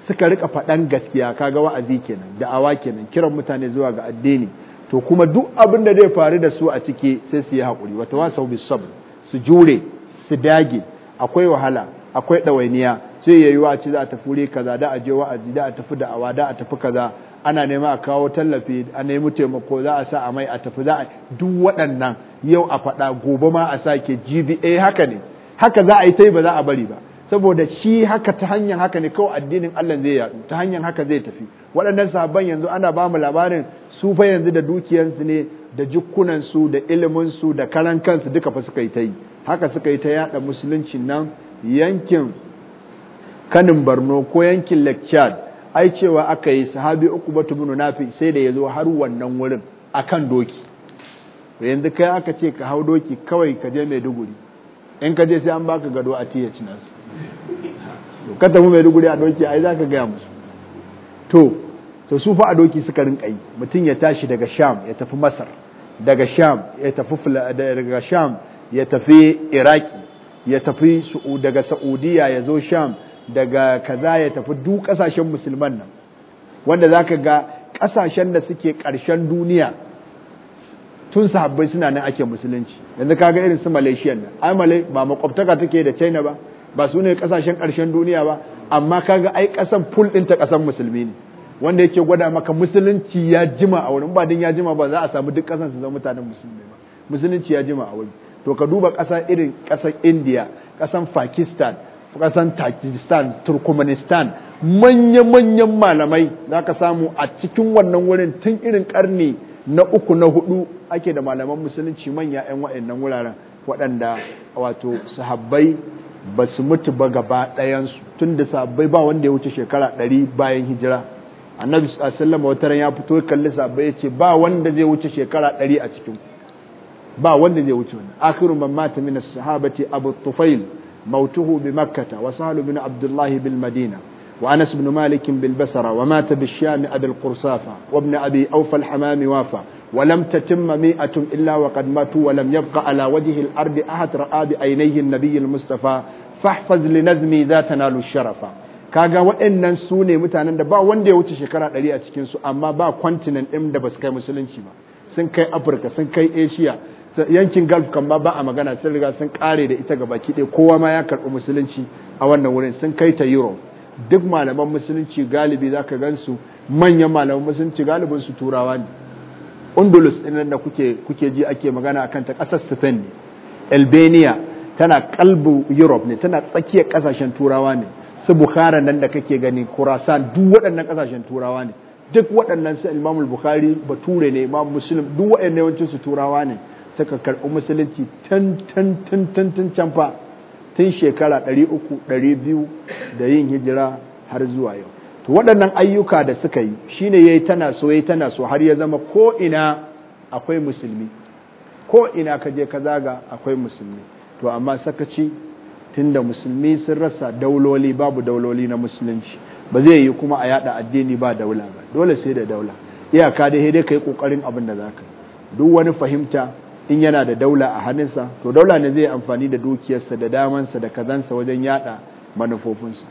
suka rika faɗan gaskiya kaga wa'azi kenan da'awa kenan kiran mutane zuwa ga addini to kuma duk abin da zai faru da su a ciki sai su yi hakuri wata tawasaw bis sabr su jure su dage akwai wahala akwai ɗawainiya sai ya yi wa za a tafi wuri kaza da a je wa'azi da a tafi da awa da a tafi kaza ana nema a kawo tallafi a nemi taimako za a sa a mai a tafi za a duk waɗannan yau a faɗa gobe ma a sake GBA eh, haka ne haka za a yi sai ba za a bari ba saboda shi haka ta hanyar haka ne kawai addinin Allah zai yaɗu ta hanyar haka zai tafi waɗannan sahabban yanzu ana ba mu labarin su fa yanzu da dukiyansu ne da jikunansu da iliminsu da karan kansu duka fa suka yi ta yi haka suka yi ta yada musulunci nan yankin kanin barno ko yankin lakciyar ai cewa aka yi sahabi uku batu bin nafi sai da ya zo har wannan wurin akan doki yanzu kai aka ce ka hau doki kawai ka je duguri in ka je sai an baka gado a tiya cinas ka tafi duguri a doki ai za ka gaya musu to to su fa a doki suka rinka yi mutum ya tashi daga sham ya tafi masar daga sham ya tafi daga sham ya tafi iraki ya tafi daga saudiya ya zo sham daga kaza ya tafi duk kasashen musulman nan wanda zaka ga kasashen da suke karshen duniya tun sahabbai suna nan ake musulunci yanzu kaga irin su malaysia nan ai malai ba makwabtaka take da china ba ba su ne kasashen ƙarshen duniya ba amma kaga ai ƙasan pul ɗin ta ƙasan musulmi ne wanda yake gwada maka musulunci ya jima a wurin ba din ya jima ba za a samu duk kasan su zama mutanen musulmi ba musulunci ya jima a wurin to ka duba kasan irin kasan India kasan Pakistan kasan Tajikistan Turkmenistan manya-manyan malamai za ka samu a cikin wannan wurin tun irin karni na uku na hudu ake da malaman musulunci manya 'yan waɗannan wuraren waɗanda wato sahabbai ba su mutu ba gaba ɗayansu tun da sahabbai ba wanda ya wuce shekara ɗari bayan hijira annabi sallallahu wata ran ya fito ya kalli sahabbai ya ce ba wanda zai wuce shekara 100 a cikin ba wanda zai wuce wannan akhiru man mata min as-sahabati abu tufail mautuhu bi makkah wa sahal bin abdullah bil madina wa anas bin malik bil basra wa mata bi syam abi al qursafa wa ibn abi awfa al hamami wafa wa lam yabqa ala wajhi al ولم ahad ra'a bi الأرض an nabiy al mustafa fahfaz li nazmi ذا تنال sharafa kaga waɗannan su ne mutanen da ba wanda ya wuce shekara ɗari a cikinsu amma ba kwantinan ɗin da ba su kai musulunci ba sun kai afirka sun kai asia yankin gulf kan ma ba a magana sun riga sun kare da ita gaba kiɗe kowa ma ya karɓi musulunci a wannan wurin sun kai ta europe duk malaman musulunci galibi za ka gan su manyan malaman musulunci galibin su turawa ne undulus ɗin da kuke ji ake magana akan ta ƙasar spain ne albania tana kalbu europe ne tana tsakiyar ƙasashen turawa ne su bukhara nan da kake gani kurasan duk waɗannan ƙasashen turawa ne duk waɗannan su imamul bukhari ture ne imam muslim duk waɗannan yawancin su turawa ne suka karɓi musulunci tun tun tun tun tun can tun shekara ɗari uku ɗari biyu da yin hijira har zuwa yau to waɗannan ayyuka da suka yi shine yayi tana so yayi tana so har ya zama ko ina akwai musulmi ko ina ka je ka zaga akwai musulmi to amma sakaci tunda musulmi sun rasa dauloli babu dauloli na musulunci ba zai yi kuma a yada addini ba daula ba dole sai da daula iyaka dai dai yi kokarin abin da za zaka duk wani fahimta in yana da daula a hannunsa to daula ne zai amfani da dukiyarsa da damansa da kazansa wajen yada manufofinsa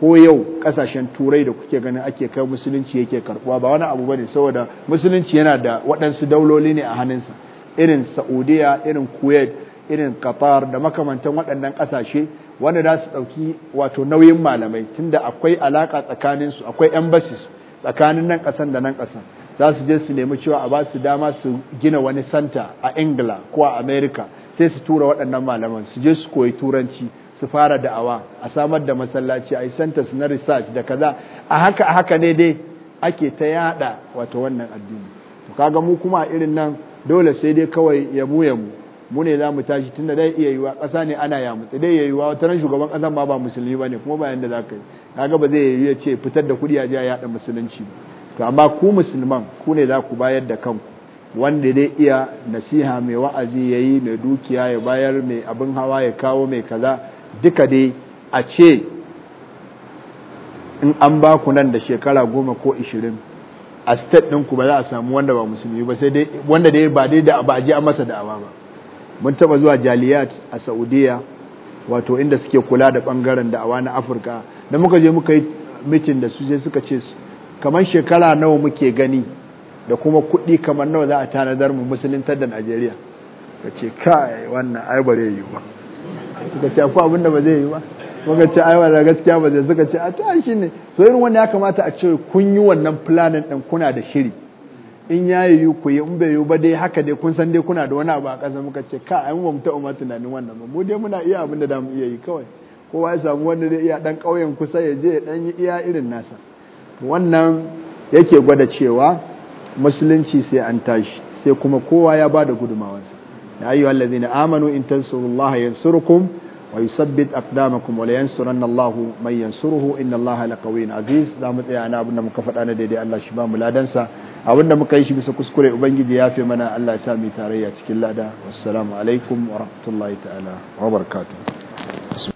ko yau kasashen turai da kuke ganin ake kai musulunci yake karbuwa ba wani abu bane saboda musulunci yana da waɗansu dauloli ne a hannunsa irin saudiya irin kuwait irin qatar da makamantan waɗannan ƙasashe wanda za su ɗauki wato nauyin malamai tunda akwai alaƙa tsakanin su akwai embassies tsakanin nan ƙasan da nan ƙasan za su je su nemi cewa a ba su dama su gina wani santa a ingila ko a america sai su tura waɗannan malaman su je su koyi turanci su fara da'awa a samar da masallaci a yi centers na research da kaza a haka haka ne dai ake ta yada wato wannan addini to kaga mu kuma irin nan dole sai dai kawai yamu yamu mu ne za mu tashi tun da zai iya wa ƙasa ne ana ya mutsi dai yi wa wata ran shugaban ƙasa ma ba musulmi ba ne kuma bayan da za ka yi kaga ba zai yiwu ce fitar da kuɗi a jiya a yaɗa musulunci ba to amma ku musulman ku ne za ku bayar da kanku wanda zai iya nasiha mai wa'azi ya yi mai dukiya ya bayar mai abin hawa ya kawo mai kaza duka dai a ce in an ba ku nan da shekara goma ko ishirin a state ɗinku ba za a samu wanda ba musulmi ba sai dai wanda dai ba dai da ba a ji a masa da'awa ba mun taba zuwa jaliyat a saudiya wato inda suke kula da bangaren da'awa na afirka da muka je muka yi mitin da su sai suka ce kamar shekara nawa muke gani da kuma kuɗi kamar nawa za a tanadar mu musuluntar da najeriya ka ce kai wannan ai ba zai yi ba suka ce akwai abin da ba zai yi ba muka ce ai ba gaskiya ba zai suka ce a to shi ne so irin wannan ya kamata a ce kun yi wannan planning din kuna da shiri in ya yi ku yi in bai yiwu ba dai haka dai kun san dai kuna da wani abu a ƙasa muka ce ka an wa mutum ma tunanin wannan ba mu dai muna iya abin da mu iya yi kawai kowa ya samu wanda zai iya dan ƙauyen kusa ya je ya dan yi iya irin nasa wannan yake gwada cewa musulunci sai an tashi sai kuma kowa ya ba da gudumawarsa ya ayyuha allazina amanu in tansurullaha yansurkum wa yusabbit aqdamakum wa la yansuranna Allahu man yansuruhu inna laqawiyyun aziz zamu tsaya ana abin da muka faɗa na daidai Allah shi ba mu ladansa abinda da muka yi shi bisa kuskure ubangiji ya fi mana Allah ya sa mu tarayya cikin lada wassalamu alaikum wa rahmatullahi ta'ala wa barakatuh